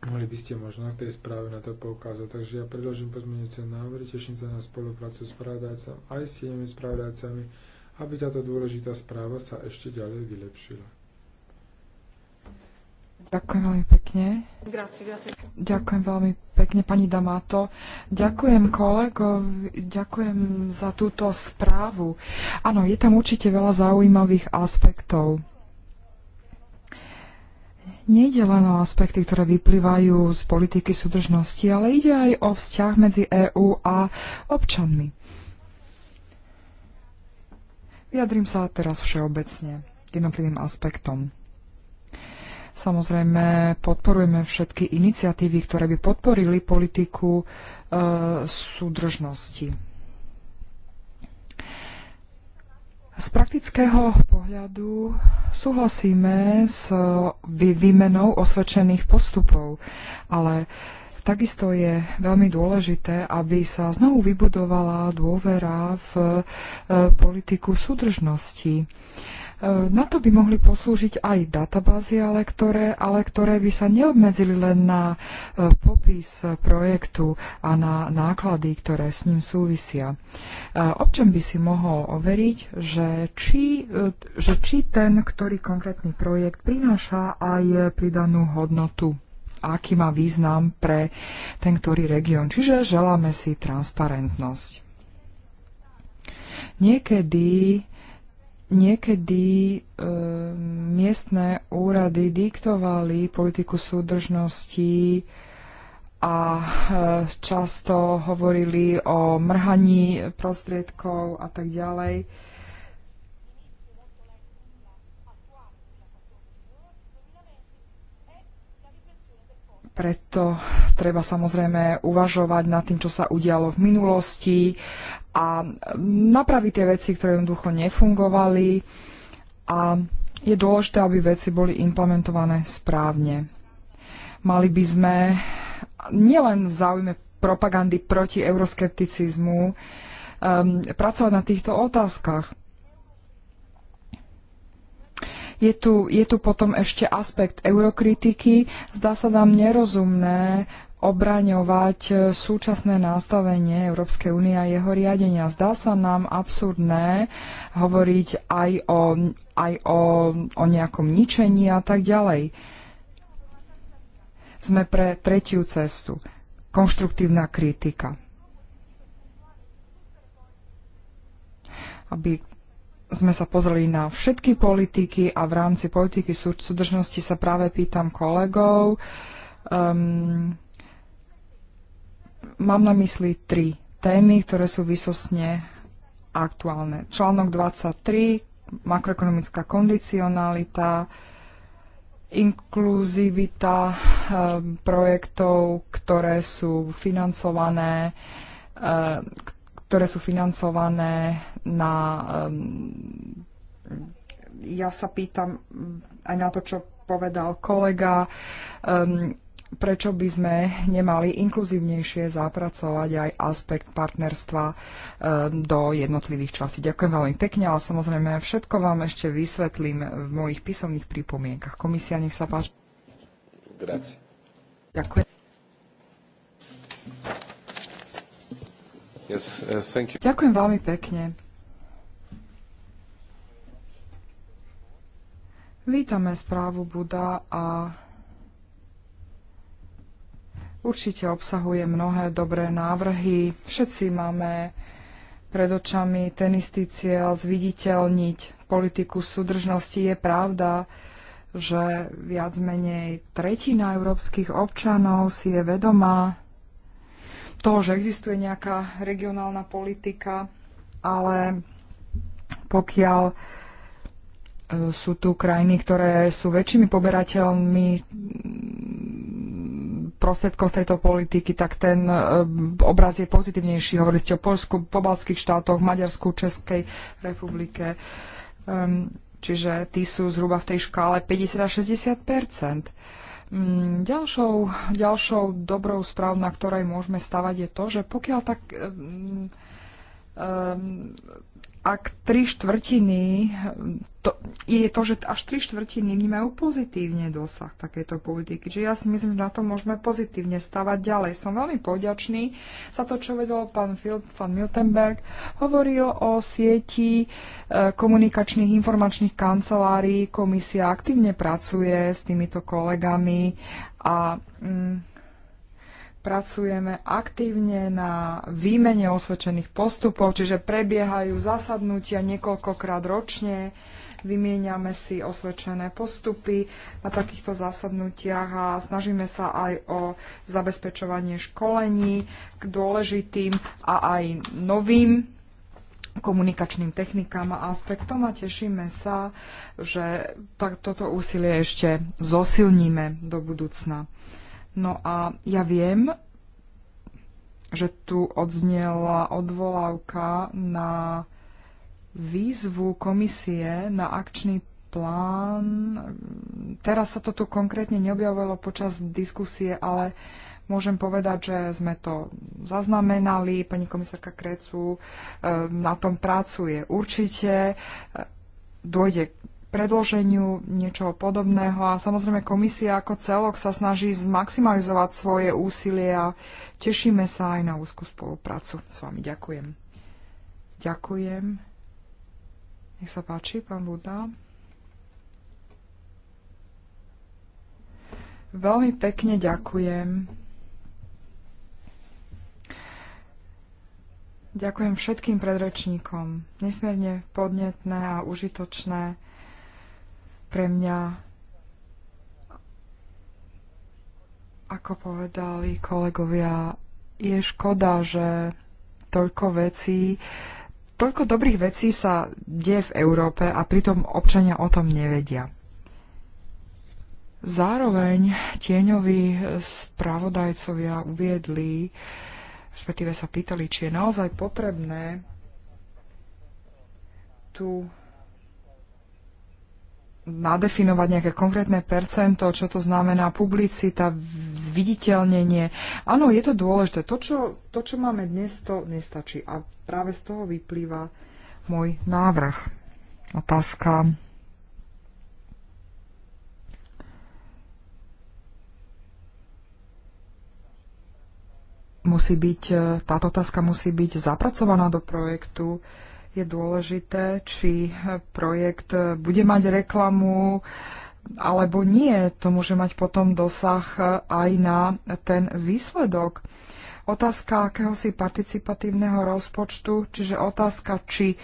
mohli by ste možno v tej správe na to poukázať. Takže ja predložím pozmeňujúce návrhy, teším sa na spoluprácu s pravodajcami aj s tými spravodajcami, aby táto dôležitá správa sa ešte ďalej vylepšila. Ďakujem veľmi pekne. Grazie, grazie. Ďakujem veľmi pekne, pani Damato. Ďakujem kolego, ďakujem za túto správu. Áno, je tam určite veľa zaujímavých aspektov. Nejde len o aspekty, ktoré vyplývajú z politiky súdržnosti, ale ide aj o vzťah medzi EÚ a občanmi. Vyjadrím sa teraz všeobecne jednotlivým aspektom. Samozrejme, podporujeme všetky iniciatívy, ktoré by podporili politiku e, súdržnosti. Z praktického pohľadu súhlasíme s e, výmenou osvedčených postupov, ale Takisto je veľmi dôležité, aby sa znovu vybudovala dôvera v e, politiku súdržnosti. E, na to by mohli poslúžiť aj databázy, ale ktoré, ale ktoré by sa neobmedzili len na e, popis projektu a na náklady, ktoré s ním súvisia. E, občan by si mohol overiť, že či, že či ten, ktorý konkrétny projekt prináša aj pridanú hodnotu aký má význam pre ten ktorý región. Čiže želáme si transparentnosť. Niekedy niekedy e, miestne úrady diktovali politiku súdržnosti a e, často hovorili o mrhaní prostriedkov a tak ďalej. Preto treba samozrejme uvažovať nad tým, čo sa udialo v minulosti a napraví tie veci, ktoré jednoducho nefungovali a je dôležité, aby veci boli implementované správne. Mali by sme nielen v záujme propagandy proti euroskepticizmu um, pracovať na týchto otázkach. Je tu, je tu potom ešte aspekt eurokritiky. Zdá sa nám nerozumné obraňovať e, súčasné nastavenie Európskej únie a jeho riadenia. Zdá sa nám absurdné hovoriť aj o, aj o, o nejakom ničení a tak ďalej. Sme pre tretiu cestu. Konštruktívna kritika. Aby sme sa pozreli na všetky politiky a v rámci politiky súdržnosti sa práve pýtam kolegov, um, Mám na mysli tri témy, ktoré sú vysosne aktuálne. Článok 23, makroekonomická kondicionalita, inkluzivita e, projektov, ktoré sú financované, e, ktoré sú financované na... E, ja sa pýtam aj na to, čo povedal kolega prečo by sme nemali inkluzívnejšie zapracovať aj aspekt partnerstva e, do jednotlivých častí. Ďakujem veľmi pekne, ale samozrejme všetko vám ešte vysvetlím v mojich písomných pripomienkach. Komisia, nech sa páči. Grazie. Ďakujem. Yes, uh, thank you. Ďakujem veľmi pekne. Vítame správu Buda a určite obsahuje mnohé dobré návrhy. Všetci máme pred očami ten istý cieľ zviditeľniť politiku súdržnosti. Je pravda, že viac menej tretina európskych občanov si je vedomá toho, že existuje nejaká regionálna politika, ale pokiaľ e, sú tu krajiny, ktoré sú väčšími poberateľmi prostriedkom z tejto politiky, tak ten e, obraz je pozitívnejší. Hovorili ste o Polsku, pobaltských štátoch, Maďarsku, Českej republike. Ehm, čiže tí sú zhruba v tej škále 50 až 60 mm, Ďalšou, ďalšou dobrou správou, na ktorej môžeme stavať, je to, že pokiaľ tak um, um, ak tri štvrtiny, to, je to, že až tri štvrtiny vnímajú pozitívne dosah takéto politiky. Čiže ja si myslím, že na to môžeme pozitívne stavať ďalej. Som veľmi poďačný za to, čo vedel pán, Phil, pán Miltenberg. Hovoril o sieti e, komunikačných informačných kancelárií. Komisia aktívne pracuje s týmito kolegami a... Mm, pracujeme aktívne na výmene osvedčených postupov, čiže prebiehajú zasadnutia niekoľkokrát ročne, vymieňame si osvedčené postupy na takýchto zasadnutiach a snažíme sa aj o zabezpečovanie školení k dôležitým a aj novým komunikačným technikám a aspektom a tešíme sa, že tak, toto úsilie ešte zosilníme do budúcna. No a ja viem, že tu odznela odvolávka na výzvu komisie na akčný plán. Teraz sa to tu konkrétne neobjavilo počas diskusie, ale môžem povedať, že sme to zaznamenali. Pani komisárka Krecu eh, na tom pracuje určite. Eh, dôjde predloženiu niečoho podobného a samozrejme komisia ako celok sa snaží zmaximalizovať svoje úsilie a tešíme sa aj na úzkú spoluprácu s vami. Ďakujem. Ďakujem. Nech sa páči, pán Buda. Veľmi pekne ďakujem. Ďakujem všetkým predrečníkom. Nesmierne podnetné a užitočné pre mňa, ako povedali kolegovia, je škoda, že toľko vecí, toľko dobrých vecí sa deje v Európe a pritom občania o tom nevedia. Zároveň tieňoví spravodajcovia uviedli, respektíve sa pýtali, či je naozaj potrebné tu nadefinovať nejaké konkrétne percento, čo to znamená publicita, zviditeľnenie. Áno, je to dôležité. To čo, to, čo máme dnes, to nestačí. A práve z toho vyplýva môj návrh. Otázka. Musí byť, e, táto otázka musí byť zapracovaná do projektu je dôležité, či projekt bude mať reklamu alebo nie. To môže mať potom dosah aj na ten výsledok. Otázka akéhosi participatívneho rozpočtu, čiže otázka, či eh,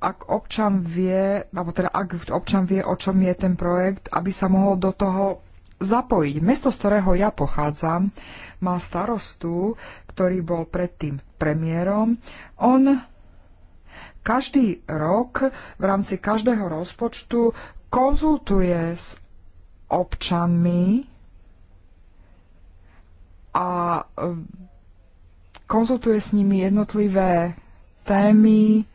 ak občan vie, alebo teda ak občan vie, o čom je ten projekt, aby sa mohol do toho zapojiť. Mesto, z ktorého ja pochádzam, má starostu, ktorý bol predtým premiérom. On každý rok v rámci každého rozpočtu konzultuje s občanmi a um, konzultuje s nimi jednotlivé témy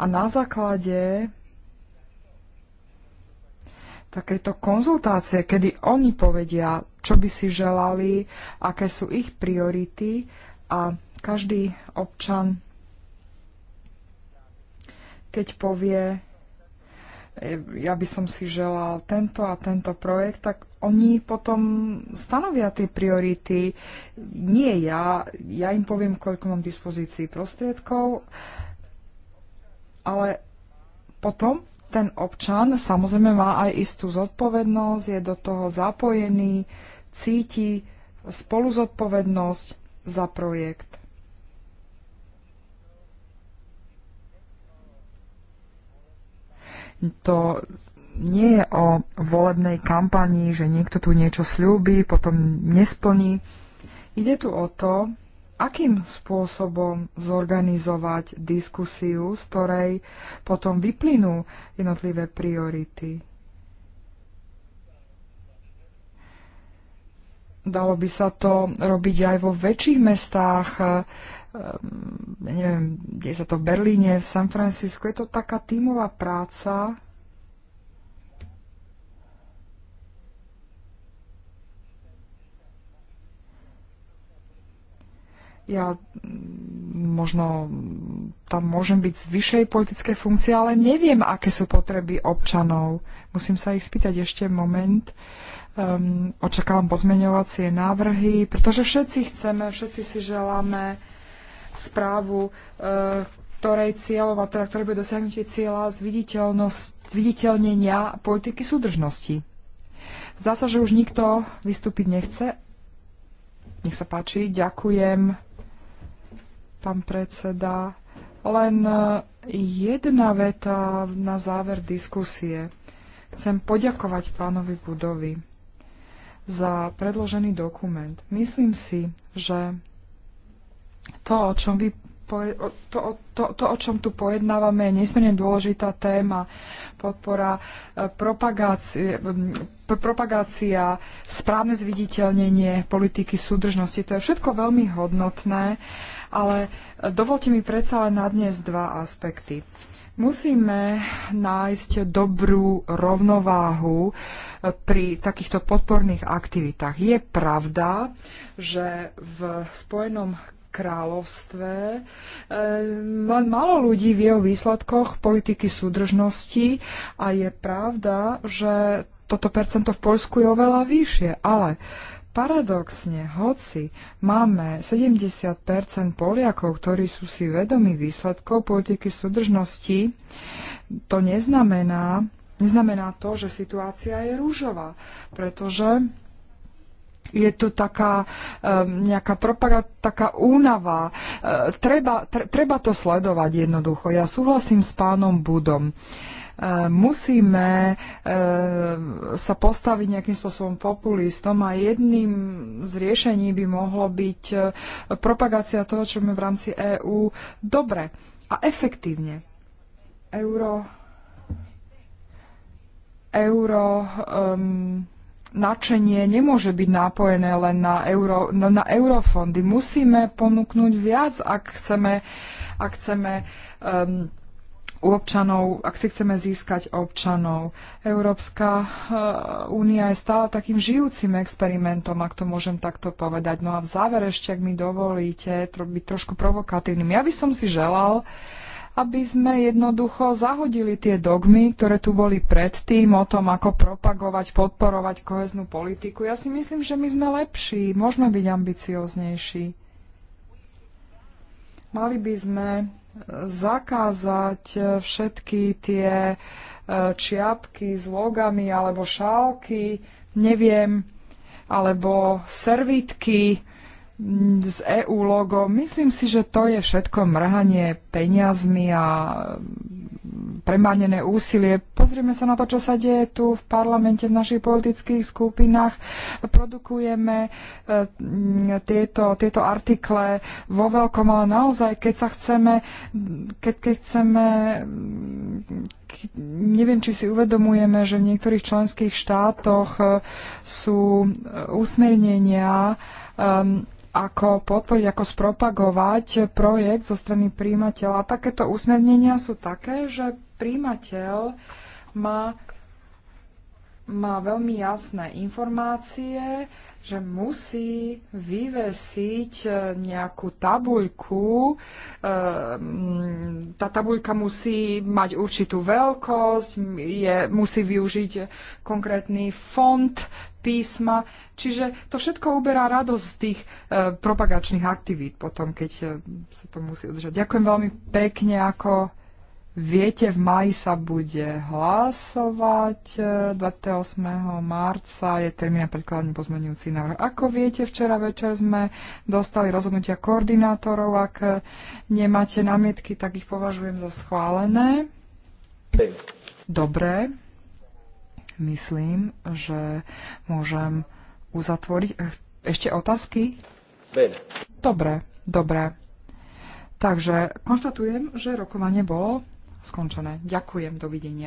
a na základe takéto konzultácie, kedy oni povedia, čo by si želali, aké sú ich priority a každý občan keď povie, e, ja by som si želal tento a tento projekt, tak oni potom stanovia tie priority. Nie ja, ja im poviem, koľko mám dispozícii prostriedkov, ale potom ten občan samozrejme má aj istú zodpovednosť, je do toho zapojený, cíti spoluzodpovednosť za projekt. to nie je o volebnej kampanii, že niekto tu niečo slúbi, potom nesplní. Ide tu o to, akým spôsobom zorganizovať diskusiu, z ktorej potom vyplynú jednotlivé priority. Dalo by sa to robiť aj vo väčších mestách, Ehm, neviem, kde sa to v Berlíne, v San Francisco, je to taká tímová práca, ja mm, možno tam môžem byť z vyššej politickej funkcie, ale neviem, aké sú potreby občanov. Musím sa ich spýtať ešte moment. Um, očakávam pozmeňovacie návrhy, pretože všetci chceme, všetci si želáme správu, e, ktorej cieľom, a teda ktoré bude dosiahnutie cieľa zviditeľnenia politiky súdržnosti. Zdá sa, že už nikto vystúpiť nechce. Nech sa páči, ďakujem, pán predseda. Len e, jedna veta na záver diskusie. Chcem poďakovať pánovi Budovi za predložený dokument. Myslím si, že to, o čom vy to, to, to, o čom tu pojednávame, je nesmierne dôležitá téma. Podpora e, propagácie, propagácia, správne zviditeľnenie politiky súdržnosti. To je všetko veľmi hodnotné, ale e, dovolte mi predsa len na dnes dva aspekty. Musíme nájsť dobrú rovnováhu e, pri takýchto podporných aktivitách. Je pravda, že v Spojenom kráľovstve. Ehm, len malo ľudí vie o výsledkoch politiky súdržnosti a je pravda, že toto percento v Poľsku je oveľa vyššie, ale Paradoxne, hoci máme 70 Poliakov, ktorí sú si vedomi výsledkov politiky súdržnosti, to neznamená, neznamená to, že situácia je rúžová, pretože je tu taká um, nejaká propaganda, taká únava. Uh, treba, tre, treba to sledovať jednoducho. Ja súhlasím s pánom Budom. Uh, musíme uh, sa postaviť nejakým spôsobom populistom a jedným z riešení by mohlo byť propagácia toho, čo máme v rámci EÚ dobre a efektívne. Euro, euro um, nadšenie nemôže byť nápojené len na, euro, na, na eurofondy. Musíme ponúknuť viac, ak chceme, ak chceme um, u občanov, ak si chceme získať občanov. Európska uh, únia je stále takým žijúcim experimentom, ak to môžem takto povedať. No a v závere ešte, ak mi dovolíte, byť trošku provokatívnym. Ja by som si želal, uh, aby sme jednoducho zahodili tie dogmy, ktoré tu boli predtým o tom, ako propagovať, podporovať koheznú politiku. Ja si myslím, že my sme lepší, môžeme byť ambicioznejší. Mali by sme e, zakázať e, všetky tie e, čiapky s logami alebo šálky, neviem, alebo servítky, s mm, EU logom. Myslím si, že to je všetko mrhanie peniazmi a mm, premárnené úsilie. Pozrieme sa na to, čo sa deje tu v parlamente, v našich politických skupinách. Produkujeme e, mm, tieto, tieto artikle vo veľkom, ale naozaj, keď sa chceme, keď, keď chceme neviem, či si uvedomujeme, že v niektorých členských štátoch e, sú e, usmernenia ako podporiť, ako spropagovať projekt zo strany príjimateľa. Takéto usmernenia sú také, že príjimateľ má, má veľmi jasné informácie, že musí vyvesiť e, nejakú tabuľku. E, tá tabuľka musí mať určitú veľkosť, je, musí využiť konkrétny fond, písma. Čiže to všetko uberá radosť z tých e, propagačných aktivít potom, keď e, sa to musí udržať. Ďakujem veľmi pekne, ako viete, v maji sa bude hlasovať. 28. E, marca je termín predkladný pozmenujúci návrh. Ako viete, včera večer sme dostali rozhodnutia koordinátorov. Ak e, nemáte námietky, tak ich považujem za schválené. Dobre myslím, že môžem uzatvoriť. Ešte otázky? Ben. Dobre, dobre. Takže konštatujem, že rokovanie bolo skončené. Ďakujem, dovidenia.